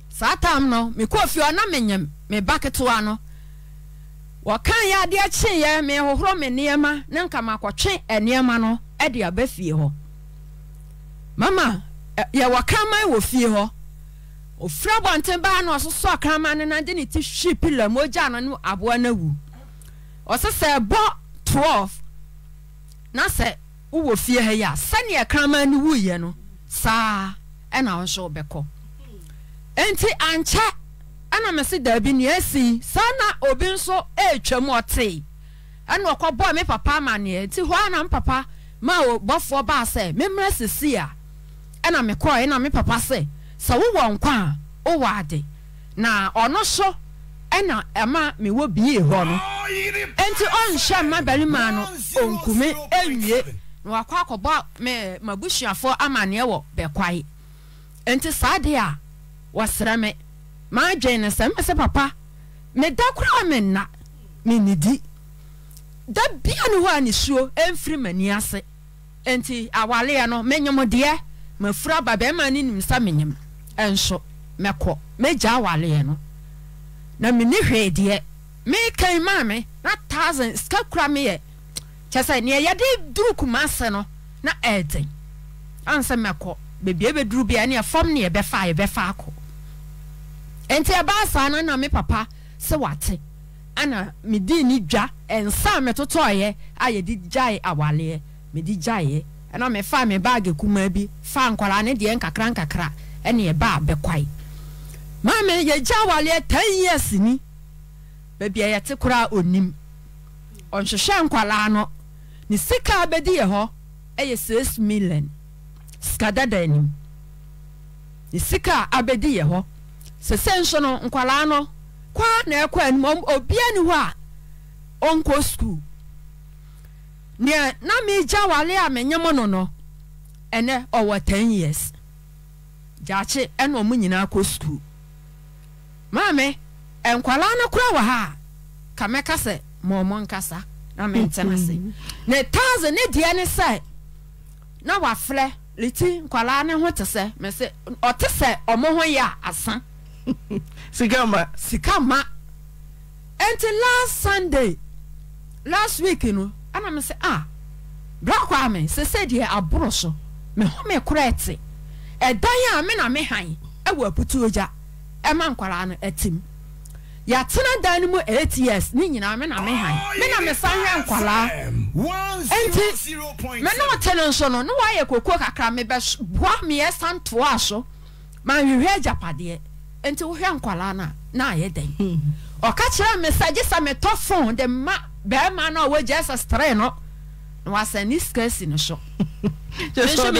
saa tam no mekɔ fie hɔ na menyem me ba ketewa no wɔka yɛ adeɛ kyeeɛ mehohoro me nneɛma ne nka makɔtwe nneɛma no ɛde aba fie hɔ mama yɛwɔ kraman wɔ fie hɔ ofura bɔnten baa na ɔsosɔ kraman no na de ne ti hwi pila mu ogya no ne aboa no awu ɔsɛ ɛbɔ twelve na sɛ wowɔ fie ha yi a sɛnea kraman no wuyɛ no saa ɛna ɔnso bɛkɔ nti ankyɛ ɛna mɛsi daabi nea esi saa na obi nso ɛretwa mu ɔtee ɛna ɔkɔ bɔɔ me papa ama neɛ nti hɔ a na me papa ma bɔfoɔ baa sɛ memmerɛ sisi a ɛna mekɔɔ ɛna me papa sɛ sɛ wowɔ nkwa a wowɔ ade na ɔno so ɛna ɛma mewɔ bie hɔ no enti ɔnhyɛ mma barima no ɔnkume ɛnwie na wakɔ akɔbɔ me mabusuafoɔ amanneɛ wɔ bɛkwae enti saa de a wɔsrɛ me maadwen ne sɛ mɛsɛ papa meda koraa menna menidi da bia ne hɔ a nisuo ɛmfiri m'ani ase enti awaleɛ no menyomdeɛ mafura ba bɛma no nim sa menyem nso mɛkɔ mɛgya awaleɛ no namenne hwɛ deɛ meka mame na usan a kra mey kyɛ sɛ neɛyɛde duruumas ɛdria nemne yɛɛnia nam papa s e na medine dwa nsa metotɔyɛ ayɛde gyae awaɛ mede gyaeɛ ɛna mefaa me baa gekumaa bi faa nkwalaa ne deɛ nkakrankakra ne baa bɛkwae mame yɛgya awaleɛ 10n yeasni babia yɛte kora onim ɔnhwehwɛ nkwalaa no ne sika abɛdi yɛ hɔ yɛ seesmillan sikadadanim ne sika abɛdi yɛ hɔ sɛsei nso no nkwalaa no koa na ɛkɔ anim obiani hɔ a ɔnkɔ sukuul deɛ na megya wale a menye mo no no ɛnɛ ɔwɔ ten years gyaakye ɛna ɔmo nyinaa kɔ sukuu maame nkwalaa no kora wɔ ha a ka mɛka sɛ ma ɔmo nkasa na mentena se mhm. ne taase ne deɛ ne sɛ na wafrɛ leti nkwalaa ne ho te sɛ mɛsɛ ɔte sɛ ɔmo ho yɛ asa sika ma sika ma ɛnti last sunday last week you no know, ana m sɛ a brakɔ a me sɛ sɛ deɛ aboro so me home korɔ ɛte a na me han ɛwɔ aputuo gya ɛma nkwaraa no ya yàtena dan no mu na me han na me san hwɛ na ɔte ne nso ma nti wohwɛ a na ayɛ dɛn hmm. ɔka kyerɛ me sɛ metɔ de ma bɛ ma na wgya sestre no na wasnne ska si no so oe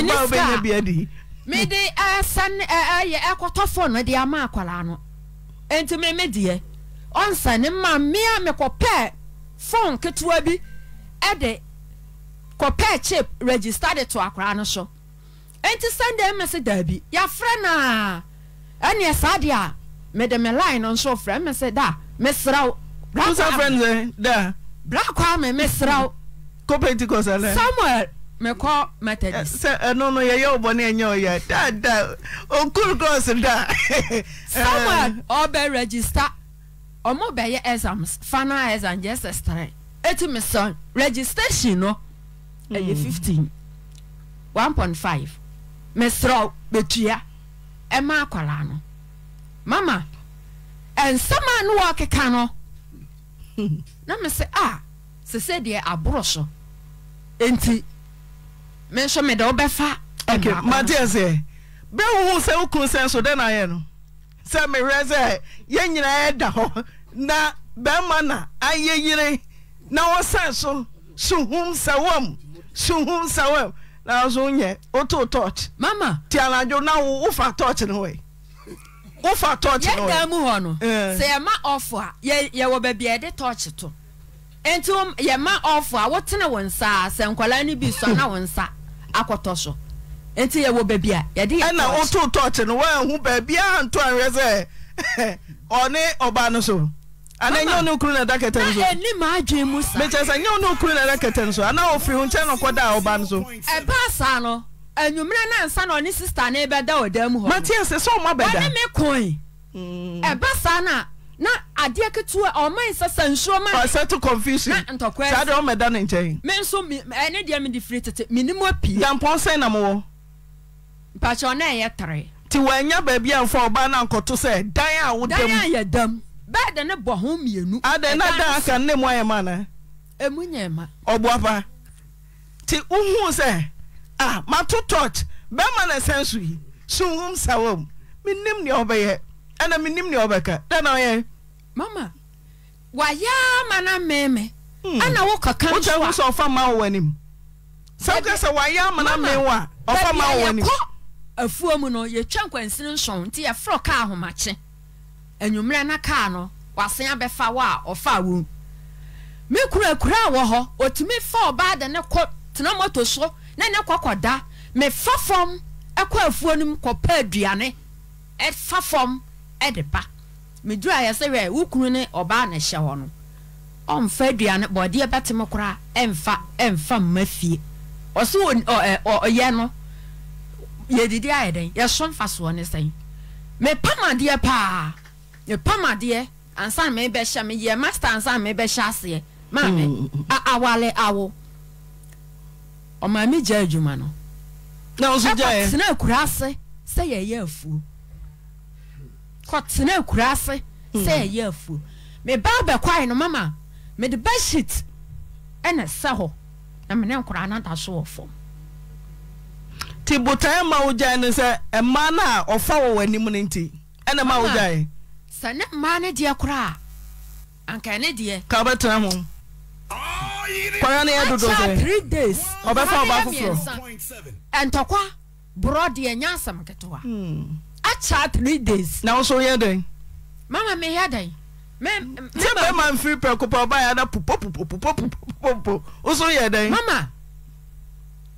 mamdene mamea me kɔpɛ on ketea bi de kpɛ chip regist de toara nntsnde mse dabi yfrɛ na ne sadeɛ mede me li no s frɛmes dmesrɛ acmesrsamuel mek mtddsamuel ɔbɛ regista ɔma bɛyɛ asams fanal asam yesɛstrn ɛtimes registration no ɛyɛ5 1.5 hmm. me serɛw bɛtua ma kla no mama nsɛma ne wɔkeka no na me sɛ a ah, sese deɛ aboro so nti me nso me de wobɛfa okay matias ɛ bɛhuhu sɛ wokuru sɛ so de na ayɛ no sɛ mehwɛ sɛ yɛn nyinaa ɛda hɔ na bɛrima na ayɛ yire na wɔsɛn so suhum sɛwam suhum sɛwam na nso nyɛ woto torch mama ti anadwo na wofa torch no wei wofa tɔɔkye no yɛda mu hɔ no eh. sɛ yɛma ɔfo a yɛwɔ baabi a yɛde tɔɔkye to nti yɛma ɔfo a wotena wo nsa a sɛ nkwadaa no bi so na wo nsa akɔtɔ so nti yɛwɔ baabi a yɛde yɛ tɔɔkye ɛna woto tɔɔkye no wɔahu baabi a nto anhwɛ sɛ ɔne ɔbaa no so ana nyɛ ɔne na ɛda kɛtɛ nso. na ɛni maa dwe mu saa mekyɛ sɛ nyɛ ɔne na ɛda kɛtɛ nso ana ofiri nkyɛn na ɔkɔda ɔbaa no so ɛbaa no enyimire na nsa na ɔne sista na ebe da ɔdan mu hɔ. matias sɛ ɔmo abɛda ɔne mi kɔn mm. ɛba saa na na adeɛ ketewa ɔmo nsesa nsuo ma. ɔsɛ to confusion na ntɔkwa ɛsɛ saa de ɔmo ɛda ne nkyɛn. mi nso mi ɛne deɛ mi di firi tete mi ni mu apie. dampɔn sɛn na mo wɔ. mpakyɛ ɔna ɛyɛ tere. ti wɔn anya baabi a nfa ɔbaa na nkoto sɛ dan a wodamu. dan a yɛ dam bɛɛ de ne bɔ ho mmienu. adan na dan aka ne mu ayɛ ma na. emu nyɛ ma. ɔboapa ti uhu sɛ. Ah, mato toch bɛima na san so yi suhum sa wa mu mennim nea wɔbɛyɛ ɛna mennim nea wɔbɛka na ɔyɛ mama wayɛa ma no mɛɛmɛ hmm. ana wokaka wotɛ wo sɛ ɔfa ma ma mu no nti kaa ahomakye na kaa no wasen abɛfa wo a ɔfa wo me kura kura wɔ hɔ fa ɔbaa de ne kɔ tena moto so na ne kɔkɔ da mefa fam ɛkɔ e afuo no mu kɔpɛ aduane ɛfa e fam ɛde e ba meduru ayɛ sɛ wɛ wo kunu ne ɔbaa na ɛhyɛ hɔ no ɔmfa aduane bɔdeɛ bɛtem koraa ɛmfa ɛmfa mma fie ɔsɛ ɔ ɔ ɔyɛ no yɛdidi ayɛ dɛn yɛso mfasoɔ ne sɛn mepam adeɛ paa mepam adeɛ ansa na mebɛhyɛ me yɛ master ansa na mebɛhyɛ aseɛ maame mm, mm, mm, awale awo. ɔmaa megyae adwuma no na sogyaɛena akura ase sɛ yɛyɛ afuo ktena akura ase sɛ hmm. yɛyɛ afuo mebao bɛkɔae nomama mede bɛ hyi te ne sɛ hɔ na mene nkora nadaso wɔ fam nti botaeɛ mma wo gyae no sɛ ɛma no a ɔfa wɔwɔ anim no nti ɛne ma wogyae sɛ ne ma no deɛ koraa anɛne deɛ wɛteaho kwaa no yɛ dodo sɛ ɔbɛfa ọba foforɔ ntọkwa burọdi deɛ nyɛ asɛm ketewa acha hmm. three days na wo so woyɛ dɛn mama meyɛ dɛn sɛ bɛma mfiri prɛko pa ɔbaeɛ na popopopopopopo wo so woyɛ dɛn mama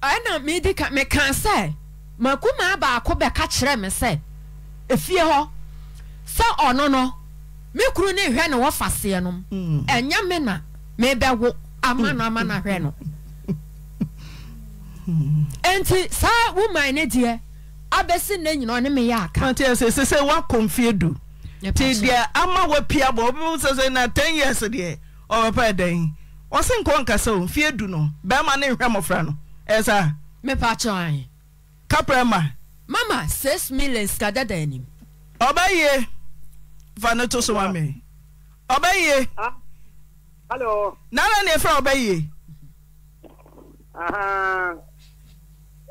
ɛna medi ka meka sɛ makuma baako bɛka kyerɛ me sɛ efie hɔ sɛ ɔno no me kuru ne hwɛ ne wɔfaseɛ nom ɛnyɛ hmm. me na mebɛwo ama no ama no ahwɛ no nti saa woman ne deɛ abɛsi ne nyina ɔne meyɛ aka nti ɛsɛ sɛ sɛ woakɔ mfie du nti deɛ ama wapia bɔ wobɛbu sɛ sɛ na 10 years deɛ ɔbɛpɛ dɛn ɔse nkɔ nkasa o mfie du no bɛrima ne nhwɛ mmɔfra no ɛsa mepa kyɛn kaprɛ ma mama 6 million sikadada anim ɔbɛyie fa ne to so ma me ɔbɛyie ah. Hello. nala na efra ọbẹ yie.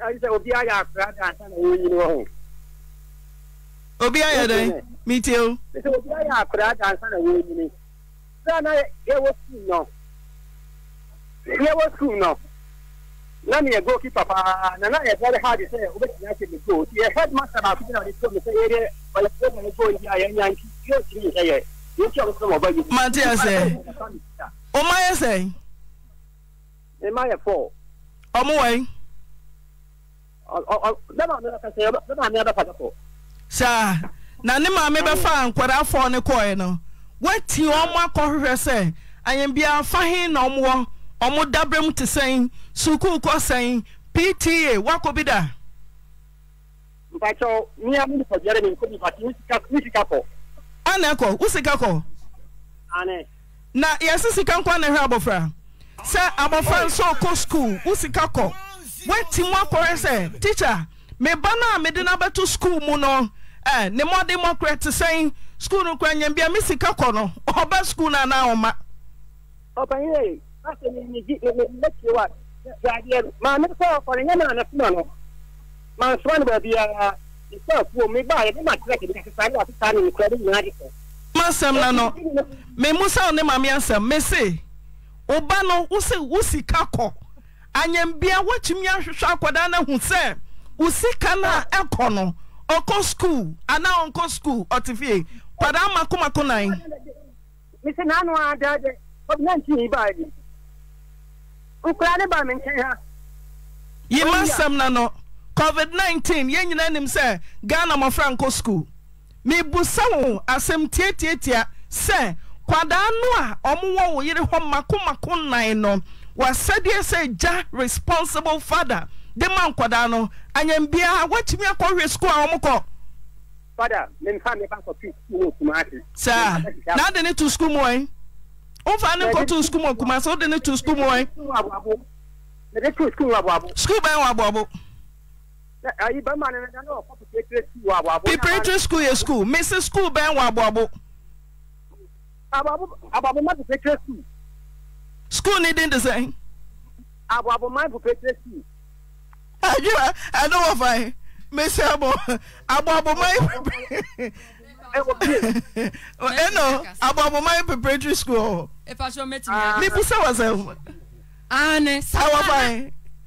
Ayi sẹ obi ayọ akura ni asa na ewu yiri wọn. Obi ayọ dẹ, mi ti o. Sẹ obi ayọ akura ni asa na ewu yiri. Sẹ na yewo sukuu nọ. Yewo sukuu nọ. Na mi yẹ góòkì papa na na yẹ very hard sẹ o bẹ tẹ ẹ ṣe mi kó o ti yẹ head master baako bi na ọdẹ tó sẹ yẹ ọlọpàá mi kó o yẹ ayẹ yankin yóò ti mi sẹ yẹ yóò ti ọdún sọ wọn bá yẹ. Màtí ẹ sẹ. ɔma yɛ sɛn ma yɛ fɔ ɔmo wɔ saa na ne maame bɛfa nkwadaa fɔ ne kɔɛ no wati ɔmo akɔhwehwɛ sɛ ayɛnbia fa he na ɔmo wɔ ɔmo dabrɛm te sɛn sukuu kɔ sɛn pta wakɔ bi da mpakyɛw nkọ mu nkɔbiara ne nkɔbi pati wo sika kɔ ana ɛkɔ wo sika kɔ ane na yɛse sika nkwa na ɛhwɛ abɔfra sɛ abɔfra nso kɔ skuul wo sika kɔ woati mu akɔrɛ sɛ tikya meba no a mede no abɛto skuul mu no eh, ne mmɔde mmɔkorɛ te sɛn skuul no kora nyambia me sika kɔ no ɔba skuul no anaa ɔma ɔbɛyɛ asɛ menyegye mɛtie wa yadeɛ maame sɛ ɔkɔre nyɛ maa nasoma no mansoma no baabiaa mesɛ afuo mebaayɛ ne matrɛke de kasa ne wasesa ne nokora ne nyinaa de sɛ masɛm na no memu sa wo ne mame asɛm me se wo ba no wo sika kɔ anyambia woakyimi ahwehwɛ akɔdaa no ahu sɛ wo sika no a ɛkɔ no ɔkɔ skuul anaa ɔnkɔ skuul ɔte fie padaa makomako nan yi masɛm na no covid-19 yɛn nyinaa nim sɛ ghana mmɔfra nkɔ skuul mebusa wo asɛm tiatiatia sɛ kwadaa no a ɔmowɔ wo yere hɔ makomako nan no sɛ gya responsible father de ma nkwadaa no woatumi skuul a saa na ade ne to skuul mu ɔn womfa ne nkɔto skuul mu akuma sɛ wode ne to skuul mu skuul bɛn wɔ aboabo preparatory school yɛ school mesi school bɛn wɔ aboabo. aboabo aboabo ma preparatory school. school ni din de sɛn. aboabo ma preparatory school. adwuma ɛno wɔ fan mesi abo aboabo ma. ɛno aboabo ma preparatory school. mibusa wɔ sɛ. ane sawa ban.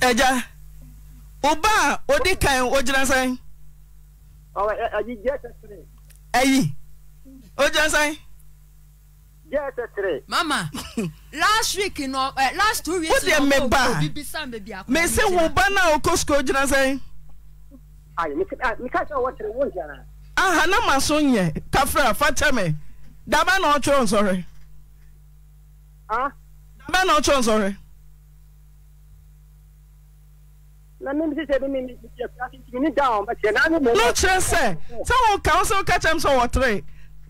ẹja ọba a odi kan o gyina sẹ́yìn. ẹyi o gyina sẹ́yìn yes three. mama last week no uh, last two weeks na ọmọ òkú bíbí sàn bèbí àkọ́kọ́. mèsì wò bá náà okó sukuu gyina sẹ́yìn. ayi mi ká sọ wọ́n tẹ̀lé wọ́n jẹ́ aha na ma so nyɛ kafra fatami daba na ɔtwerɛ nsɔre. daba na ɔtwerɛ nsɔre. na n'o kyerɛ sẹ sẹ wọn kà ó sẹ wọn kà kyẹm sọ wọ tiri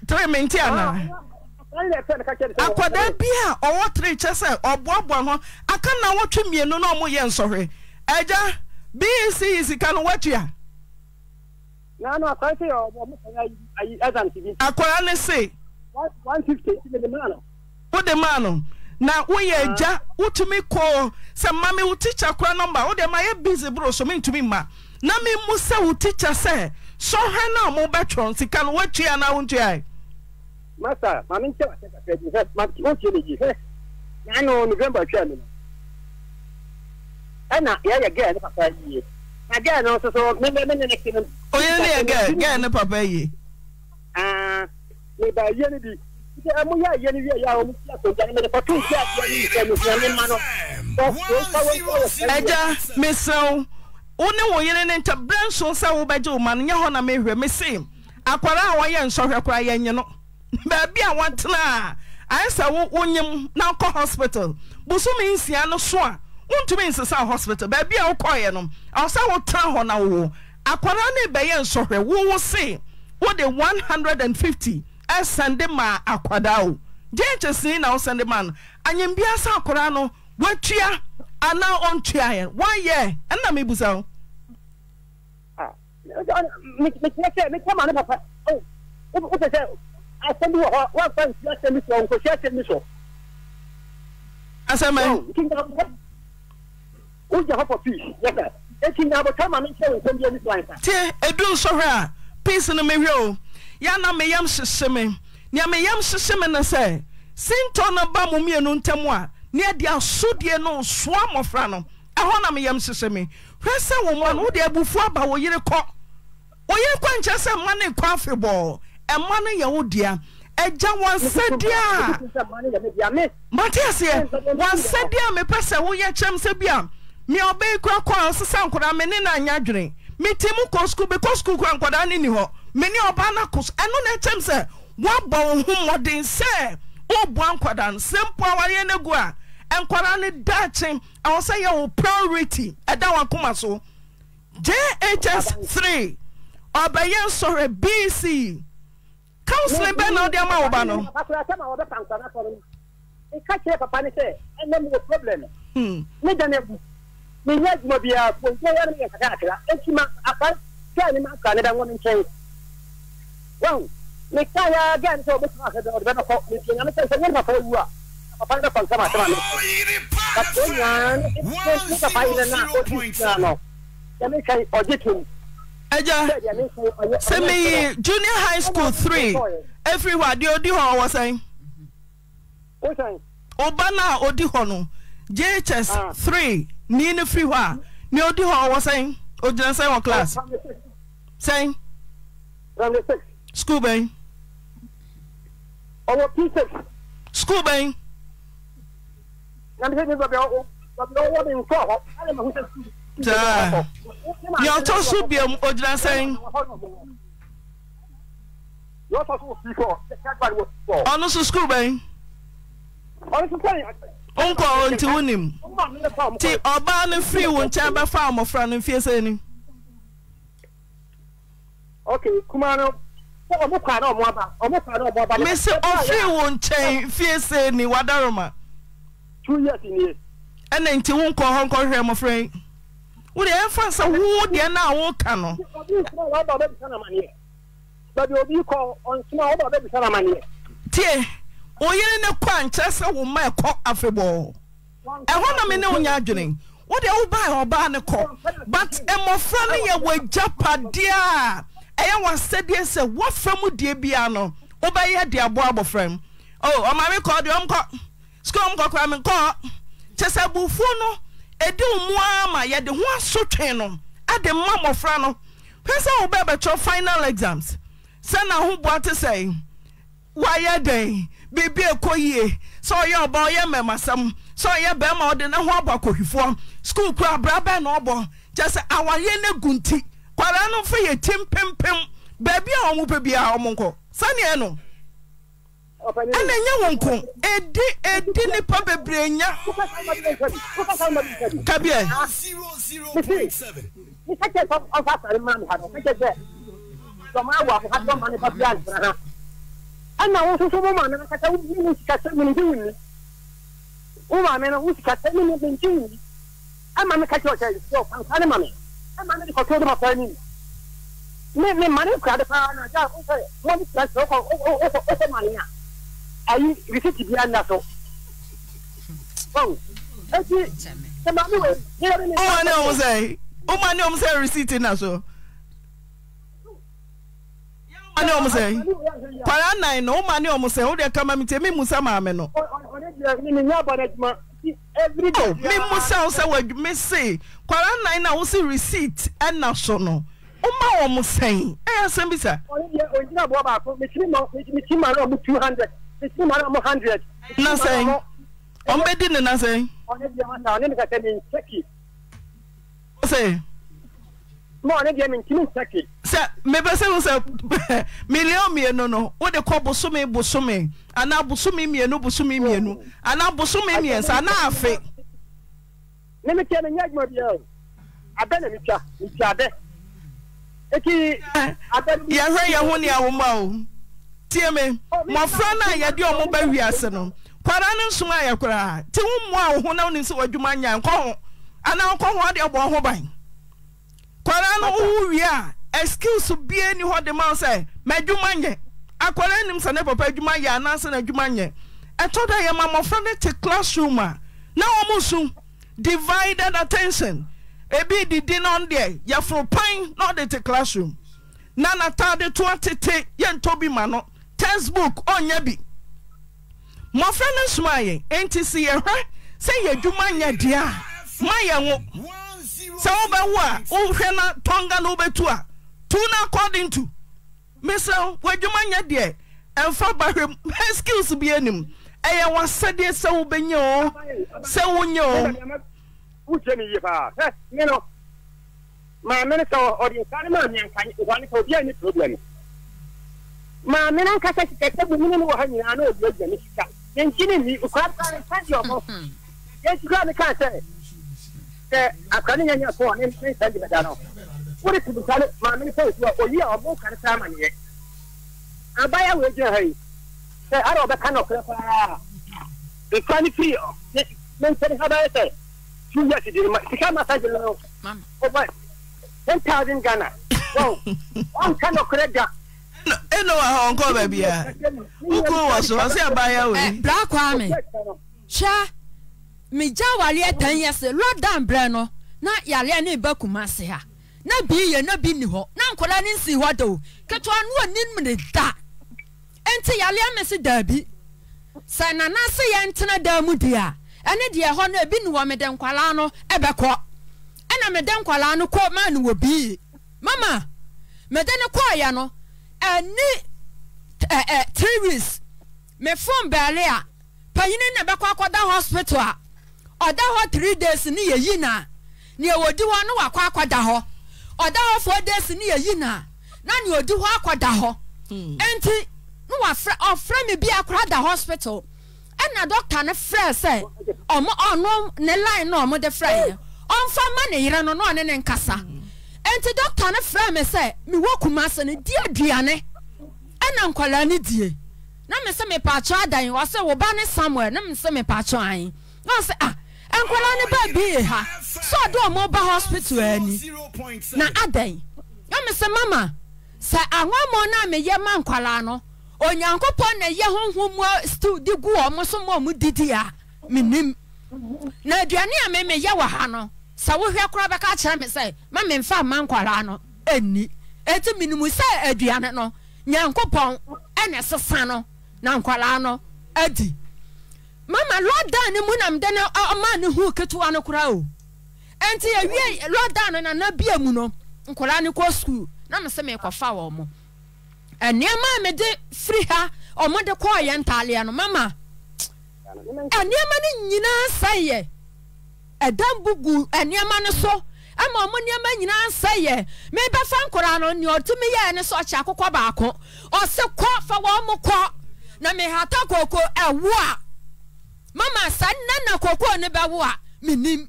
tiri mi n tí a nà akwadaa bi a ɔwɔ tiri kyɛ sɛ ɔboaboa ho aka na wɔtwe mmienu na ɔmo yɛ nsɔhwɛ ɛgya bc e yi e sika no wɔatua. akwara ne se. wode maa no na woyɛ agya wotumi kɔɔ sɛ mame wo tikya kora nɔmba wode ma yɛ busy boro so mentumi mma na memu sɛ wo tikya sɛ sɔhwɛ no a mobɛtwerɛ sika no woatua anaa wontuae masa maame nkyɛn wa sɛka sɛ sɛ ma o tie ne yi sɛ n'ano november twɛ mi no ɛna yɛyɛ gɛɛ ne papa yie na gɛɛ no nso so me me me ne ne kiri. oye ne yɛ gɛɛ gɛɛ ne papa yie. aa ne ba yie ne bi sɛ ɛmu yɛ yie ne bi yɛ ɔmu ti ato gya ne ne pɔtɔ nti ato ne nkyɛn mu fiyan ne ma no. ɛgya mesew wo ne wo yere ne nta berɛ nso sɛ wobɛgye wo ma no nyɛ hɔ na mehwɛ mese akwara a wɔyɛ nsɔhwɛ koraa yɛnye no baabi a wɔtena a ayɛ sɛ wonyim na hospital bosom nsia no so a wontumi hospital baabi a wokɔeɛ no ɛwɔ sɛ wotena hɔ na wowo akwara no bɛyɛ nsɔhwɛ wowo se wode 150 ɛsɛnde ma akwadaa o na wosɛnde ma no anyambia sɛ akwara no watua anaa ɔntuaeɛ wayɛ mebusa wo sɛ ma asɛm wɔ hɔ wafa nsi asɛm sɔ nkɔsi asɛm sɔ. asɛm ayi. wogya hɔ for peace yɛsɛ eti nyabotɔ ma mi nkyɛn nsɛm bi ɛni so ansa. tie edu nsɔhwɛ a peace no mi hwɛ o yana mi yam hyehye mi nea mi yam hyehye mi no sɛ sintɔ no ba mu mmienu ntam a nea de asodie no soa mmɔfra no ɛhɔ na mi yam hyehye mi hwɛ sɛ wɔn mu no wɔde abufu aba wɔ yere kɔ wɔ yere kɔ nkyɛn sɛ mma ne kɔ afebɔɔ. ɛma no yɛ wo dea agya wansɛdeɛ a mateaseɛ wansɛdeɛ a mepɛ sɛ woyɛ kyɛm sɛ bi a mea ɔbɛyi kora kɔa ɔsesa nkɔdaa me ne na anya dwene mete mu kɔ skul mekɔ skul kora nkwadaa ne ni hɔ mene ɔbaa no kɔ ɛno na ɛkyɛm sɛ woabɔ wo ho mmɔden sɛ woboa nkɔdaa no sɛ mpo a wareɛ no gu a nkɔdaa no daakye ɛwɔ sɛ yɛ wo priority ɛda wakoma so jhs 3 ɔbɛyɛ nsɔre bc counseling bẹ́ẹ̀ náà ọdẹ ọmọ àwọn ọba nọ. akura sẹ́mu àwọn ọbẹ̀ kàǹkà náà sọ̀rọ̀ mi ká kyerẹ́ papa ni sẹ́ ẹ nẹ́ mu wọ problem. mi dẹ́nu ẹ̀bù mi yẹ ẹ̀dùnmọ̀ bíi àpò nkú ẹ̀yà mi yẹ kàkà àkìlá ẹ̀ntì ma àkà káà ni ma kà ni wọ́n mi nkyẹn. wọ́n mi ká ya gáà ni sẹ́ ọbẹ̀ sọ̀rọ̀ àkàdé ọ̀dẹ̀ mi tiẹ̀ ẹja sẹmi junior high school three efiri hɔ adeɛ odi hɔ ɔwɔ sɛn ɔba na odi hɔ no jhs three ni ne firi hɔ a ne odi hɔ ɔwɔ sɛn ogyina sɛn wɔ class ah, sɛn school bɛn ɔwɔ p six school bɛn. daa yɛ ɔtɔ so biam ogyina sɛn ɔno so skuul bɛn wonkɔ ɔ nti wonim nti ɔbaa no firi wo nkyɛn bɛfa mmɔfra no mfie sɛ ni mese ɔfiri wo nkyɛn fie sɛ ni wadaroma ɛnɛ nti wonkɔ hɔ nkɔhwɛ mmɔfra yi wode ɛmfa sɛ wo deɛ no a woka no tie wo yere ne kɔ a nkyerɛ sɛ wo ma ɛkɔ afebɔɔ ɛhɔ na me ne wonya adwene wode wobaa ɔbaa ne kɔ but mmɔfra no yɛ wagya padeɛ a ɛyɛ wasɛdeɛ sɛ wɔfrɛ mu deɛ biara no wobɛyɛ de aboa abɔfra m o oh, ɔma me kɔ deɛ sukuu ɔmkɔ koraa me kɔ kyɛ sɛ no ɛde wo ama ara ma yɛde ho aso twen no ade mma mmɔfra no hwɛ sɛ wobɛbɛkyɛ final exams sɛ n'ahoboa te sɛ woayɛ den biribi ɛkɔ yie sɛ ɔyɛ ɔba ɔyɛ mmɛmasɛm sɛ ɔyɛ bɛrima ɔde ne ho abɔ akɔhwifoɔ skul kura abra bɛn na ɔbɔ kyɛ sɛ awareɛ no gu nti kwara no mfa yɛ tim pempem baabi a ɔmo pɛ biara ɔmo nkɔ sɛneɛ no ɛna ɛnyɛ wɔn nko edi edi nipa bebree nya. kabiɛ. ɛna wɔn soso mo maa nana kata wuli mu sika sɛ mu ni bi wuli wo maa mi na wo sika sɛ mu ni bi wuli ɛma mi kati ɔkyɛ yi sɔ kankan ma mi ɛma mi de kɔtɔ de ma fɔ ɛni mi mi mi maa ni kura de paa na ja o fɛ mo ni kura sɛ o kɔ o kɔ o kɔ maa ni ya ayi risiti bi ana so bawo eti ẹ maa mi wẹ ní ọdún ní. ó máa o òun sẹ́yìn o máa ní òun sẹ́yìn risiti náà so. ó máa ní òun sẹ́yìn kwara nnan no ó máa ní òun sẹ́yìn ó dẹ̀ ká máa mi tiẹ̀ mi mú sá màá mi nọ. ọ̀rẹ́ jẹ́ mi ni ní abọ́dá jùmọ̀. Oh, me musa sɛ wadu me se kwara nnan na wosi receipt ɛna so no woma wɔn sɛn ɛyɛ asɛm bi sa. ɔyɛ ɔgyina bɔ baako mekiri ma mekiri ma na ɔmo two hundred fifteen ma na mo hundred. na sẹ́yìn ọ̀n bẹ di ne na sẹ́yìn. ọ̀nẹ́ di ẹ̀ma sáà ọ̀nẹ́ mi kàtẹ́ mi n ṣẹ́kì. ó sè. mo ọ̀nẹ́ di ẹ̀mi nkiri n ṣẹ́kì. sẹ mẹbẹsẹ n sẹ mílíọ̀nù mìínú no ó de kọ bùsùnmi bùsùnmi àná bùsùnmi mìínú bùsùnmi mìínú àná bùsùnmi mìínsá àná àfẹ. ní mi tiẹ̀ mi ní ẹ̀gbọ́n bi ẹ̀ o abẹ́ na mi twa mi twa abẹ́. eti abẹ́ mi. yẹ siem mmɔfra no a yɛde ɔmɔ ba wi se no kwaara no nsoma yɛ ka ti aa skilsbini ɔ dema wumaɛɔɛmaɔfa no te classroom divided attention i ii nefpa na ɔde classroma textbook ɔnyɛ bi mmɔfra no soma yɛn enti sɛ yɛhwɛ sɛ yɛdwuma nyɛ deɛ a ma yɛ wo sɛ wobɛwo a wohwɛ na tɔnga no wobɛtu a tu no according to mesrɛ w'adwuma nyɛ deɛ ɛmfa bahwɛm skills bi anim ɛyɛ w'asɛdeɛ sɛ wobɛnyɛ o sɛ wonyɛ o maame no sɛ ɔde nsa no ma nka obi a ne problem maame na nkasa sika sɛ bu nyini wɔ hɔ nyinaa na obi agya ne sika yɛnkyi ne ni okura bi kane sɛ deɛ ɔmɔ yɛnti kura ne kaa sɛ sɛ akura ne nyanya fɔ ne ne nsa gyina da no wode tibi sa no maame ne sɛ osu a oyi a ɔmo kane sɛ ama neɛ abaayewa wo egyina ha yi sɛ ara ɔbɛka na ɔkura koraa nkura ne firi ne ne nsa ne ha bɛyɛ sɛ two years di ne ma sika ma sa gyina no ten thousand ghana wow ɔnka na ɔkura da. ɛno wɔ hɔnkɔɔ baabiaa wokoo wɔ so ɔse abayabrak eh, a me ya megya awaeɛ aɛ ɔaeɛ n aɛaaannmreda nti yaleɛ me so daabi sɛ nnanase yɛ ntena da mu de a ɛne deɛ hɔ n n wɔmeɛee nɛ no e ɛne ɛ three weeks me phone bɛɛle a panyin na bɛkɔ akɔda hospital a ɔda hɔ three days ne yɛ yi na nea wɔdi hɔ no wakɔ akɔda hɔ ɔda hɔ four days ne yɛ yi na na nea ɔdi hɔ akɔda hɔ hmm. nti ne wafrɛ ɔfrɛ mi bi akora da hospital ɛna dɔkta ne frɛ sɛ ɔmo ɔno ne line na ɔmo de frɛ yɛ ɔmfa ma ne yere no na ɔne ne nkasa. Mm. nti dɔkta no frɛ me sɛ mewɔ kuma se no di aduane ɛna nkwaraa no die na me sɛ mepaakyɛ adan wɔ sɛ wo ba ne samuel na me sɛ mepaakyɛ an na sɛ ah nkwaraa no baa bi ha sɛ ɔde ɔmo ba hospital ani na adan na me sɛ mama sɛ ahomɔ no a meyɛ ma nkwaraa no onyankopɔn na ɛyɛ honhom mu stew di gu ɔmo so ma ɔmo didi a menim na aduane a memeyɛ wɔ ha no sɛ wohwɛ kora bɛka kyerɛ me sɛ ma memfa ma nkwaraa no ɛnni ɛti minimu sɛ aduane no nyankopɔn ɛne sesa no na nkwaraa no adi mama lockdown ne mu na mede ne ɔma ne hu ketewa no koraa o ɛnti yɛwie lockdown no na bia mu no nkwaraa ne kɔ sukuu na me sɛ meekɔfa wɔ mo nneɛma a mede firi ha ɔmo de kɔɔ yɛ ntaaleɛ no mama nneɛma no nyinaa sɛeɛ ɛdan bu gu nneɛma no so ama ɔmo nneɛma nyinaa nsa yɛ mebɛfa nkora no nea ɔtumi yɛɛ ne sɛ ɔkyɛ akokɔ baako ɔse kɔ fa wɔn mo kɔ na mehata koko ɛwo a mama sa nne na koko ne bɛwo a menim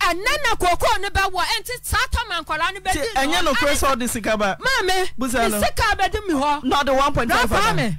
ɛnɛ na koko ne bɛwo a nti saa tɔma nkɔla ne bɛdi ne hɔ ɛnyɛ no kure sɛ ɔde sika ba maame ne sika bɛdi mi hɔ na ɔde one point five ana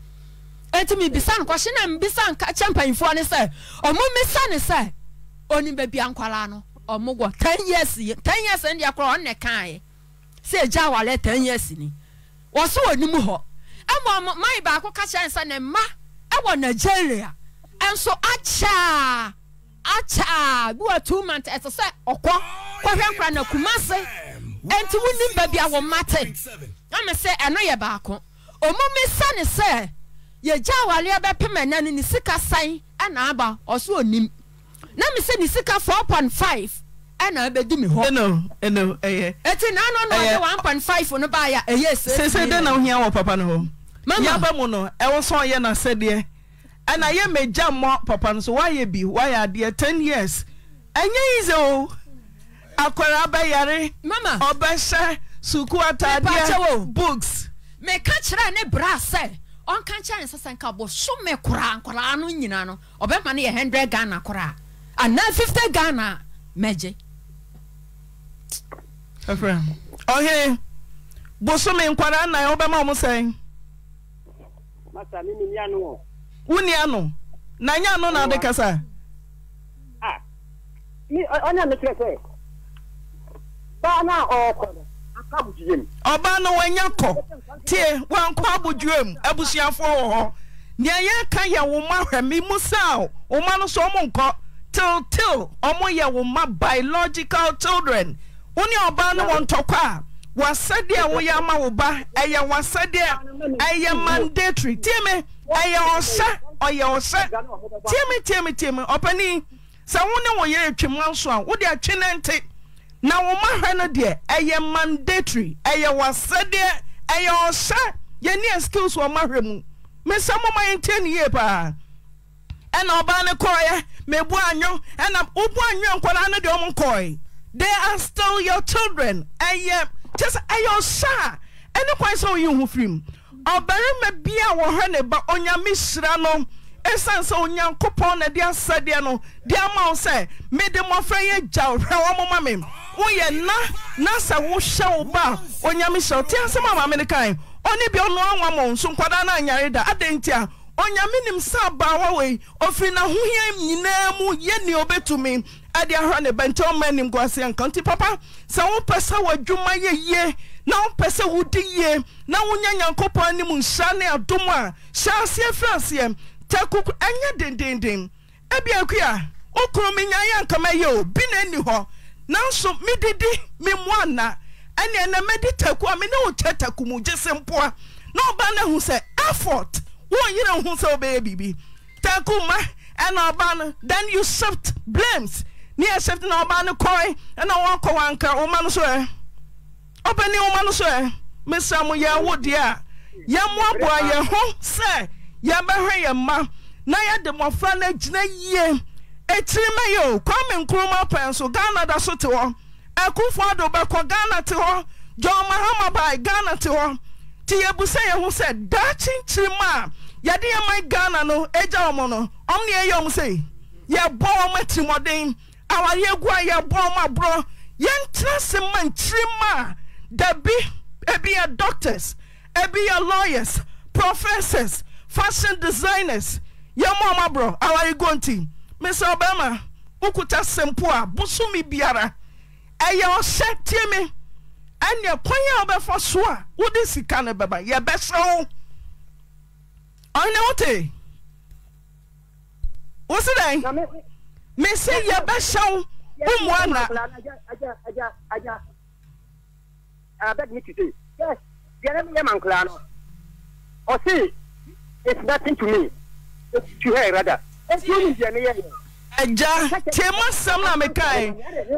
eti mibisa nkɔhye na mbisa nka kyɛ mpanyinfoɔ ne sɛ ɔmo misa ne sɛ oni baabi ankwalaa no ten years ten years ne deɛ korɔ ɔno na kaayɛ years ni wɔso wɔ nim hɔ ọmụmụ ɔmo baako kacha kyɛn mma nigeria two months na kumase ɛnti wo baako yɛgya awareɛbɛpema na no ne sika sane nabaɔsonim namesɛ ne sika 4.5 nabɛdi mhɔt5woiawɔ papa no hɔ yaba mu no wo soɔyɛnasɛdeɛ ɛna yɛ magya mmɔ papa no so woayɛ bi wayɛ adeɛ 10 years ɛnyɛ yi sɛ o akarɛ bɛyare ɔbɛhyɛ suku atadeɛ bookskɛ ɔnka kyerɛ ne sɛsɛ nka bosome koraa nkɔraa no nyinaa no ɔbɛma no yɛ hundred ghana koraa anaa fifty ghana mɛgye. ɔhene okay. bosome nkwaraa nan wobɛma ɔmo sɛn. masa mi ni mi anu wɔ. wuni anu na nya anu na adi kasa. a ah, mi ɔnyà mi kyerɛ sɛ baa náà ɔɔkɔ no ɔbaa no wanya kɔ tie wankɔ abodwua mu abusuafoɔ wɔ hɔ nea yɛka yɛ wo ma hwɛme mu saa o wo ma no so ɔmo nkɔ tiltil ɔmo yɛ wo ma biological children wo ne ɔbaa no wɔ ntɔkɔ a wasɛdeɛ woyɛ ama wo ba ɛyɛ wasɛdeɛ ɛyɛ mandatory tie me ɛyɛ ɔhyɛ ɔyɛ ɔhyɛ tie me tie me tie me ɔpanin sɛ wo ne wo yere twema nso a wode atwe ne nte na we hwɛ no deɛ ɛyɛ mandatory ɛyɛ wasɛdeɛ ɛyɛ ɔhyɛ yɛni skills wɔ mahwɛ mu mesɛ moma yɛntie ne yie paa ɛna ɔbaa ne kɔɔeɛ mebu anwo ɛna wobu anwo nkɔdaa no deɛ ɔmo kɔɔe they are still your children ɛyɛ kyɛ sɛ ɛyɛ ɔhyɛ a ɛne kwan sɛ woyi ho firim ɔbarima bi a wɔhwɛ ne ba onyame hyira no ɛsiane sɛ onyankopɔn na de asadeɛ no de ama wo sɛ mede mmɔfra yɛ gya wohwɛ wɔ moma me woyɛ na na sɛ wohyɛ wo ba a onyame hyɛ te asɛm ama mene kae ɔne bia ɔno anwa mɔ so nkwadaa no anyare da adɛn nti a onyame nim sɛ abaawa wei ɔfiri n'ahohia nyinaa mu yɛ nea obɛtumi ade ahora ne bɛnkyɛ ɔma anim guaseɛ nka nti papa sɛ wopɛ sɛ w'adwuma yɛ yie na wopɛ sɛ wodi yie na wonya nyankopɔn anim nhyira ne adom a hyɛ aseɛ firi aseɛ takɛnyɛ dendenden abiako a ɔkuro menyayɛnkama yɛ o bi no ni hɔ nanso medidi me moa na ne namɛde taku a mene ɔkyɛ tak mu gesempana ɔ nohusɛ effot wyerɛ usɛ wɛyɛ biri akma n ɔn ten ou shift blames eɛsynaɔa mesam yɛwodeɛ a yɛ moaboa yɛ ho sɛ yɛbɛhwɛ yɛ mma na yɛde mmɔfra no agyina yie ɛkyiri mɛ yɛ o kwame nkroma pɛn so ghana da so te hɔ akufo ado bɛkɔ ghana te hɔ john mahama bai ghana te hɔ nti yɛbusa yɛ ho sɛ daa kyenkyirima a yɛde yɛma ghana no agya wɔn no ɔm ne ɛyɛ ɔm sɛ yɛbɔ wɔn atirimɔden awareɛ gu a yɛbɔ wɔn aborɔ yɛntena se ma nkyirima a dabi ebi yɛ doctors ebi yɛ lawyers professors fashion designers yɛ mɔ maborɔ aware go nti mesɛ ɔbɛrima wo kota sɛmpo a bo some biara ɛyɛ ɔhyɛ tie me ɛneɛ kwanyɛ wobɛfa so a wode sika no bɛba yɛbɛhyɛ wo ɔne wote wo se dɛn mese yɛbɛhyɛwo wo moana it's nothing to me. It's to her rather. agya tie mu asɛm na mekae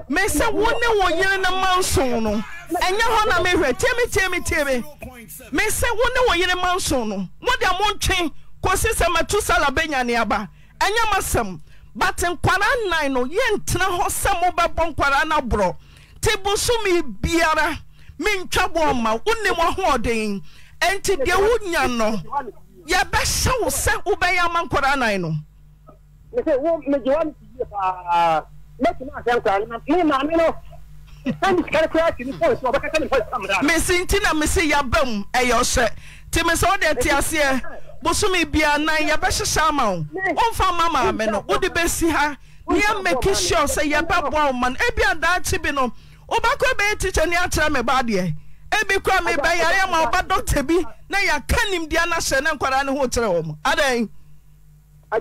me sɛ wo ne wo yere na ma nson no ɛnyɛ hɔ na m'ehwe tie me tie me tie me me sɛ wo ne wo yere ma nson no mode montwe kɔsi sɛ matusala bɛnya ne aba ɛnyɛ masɛm but nkwara nnan no yɛntena hɔ sɛ mobɛbɔ nkwara no aborɔ te bosome biara mentwa bɔ ma wonim ahoɔden ɛnti deɛ wonya no yɛbɛhyɛ wo sɛ wobɛyɛ ama nkɔdaa nan no mesi nti na mesi yaba mu ɛyɛ ɔhyɛ nti mesɛ wode te aseɛ e, bosome bia nan yɛbɛhyehyɛ ama wo womfa ma maame no wode bɛsi ha ne yɛmmɛki sure sɛ yɛbɛboa wo ma no ebia daakye bi no wobɛkɔ bɛyɛ tikya ne akyerɛ me ba deɛ ebi koraa mebɛyare ɛ ma wɔba dɔkta bi na yɛka nimdea no hyɛ ne nkwadaa ne hor kyerɛ wɔ mu adeɛɛɛ med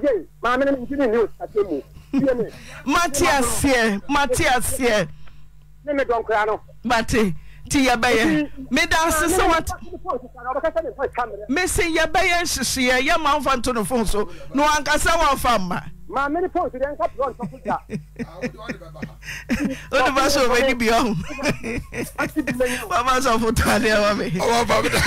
se sɛmese yɛbɛyɛ nhyehyeeɛ yɛ ma fa ntonofo so no ɔankasa woafa amma maa mi ni post de nka blog sọ fún ja. ó ní bá sọ wẹ́n níbi ọ̀hún. wọ́n o sọ fún tani ẹ̀ wọ́n mi. ọwọ́ bàbá mi dá.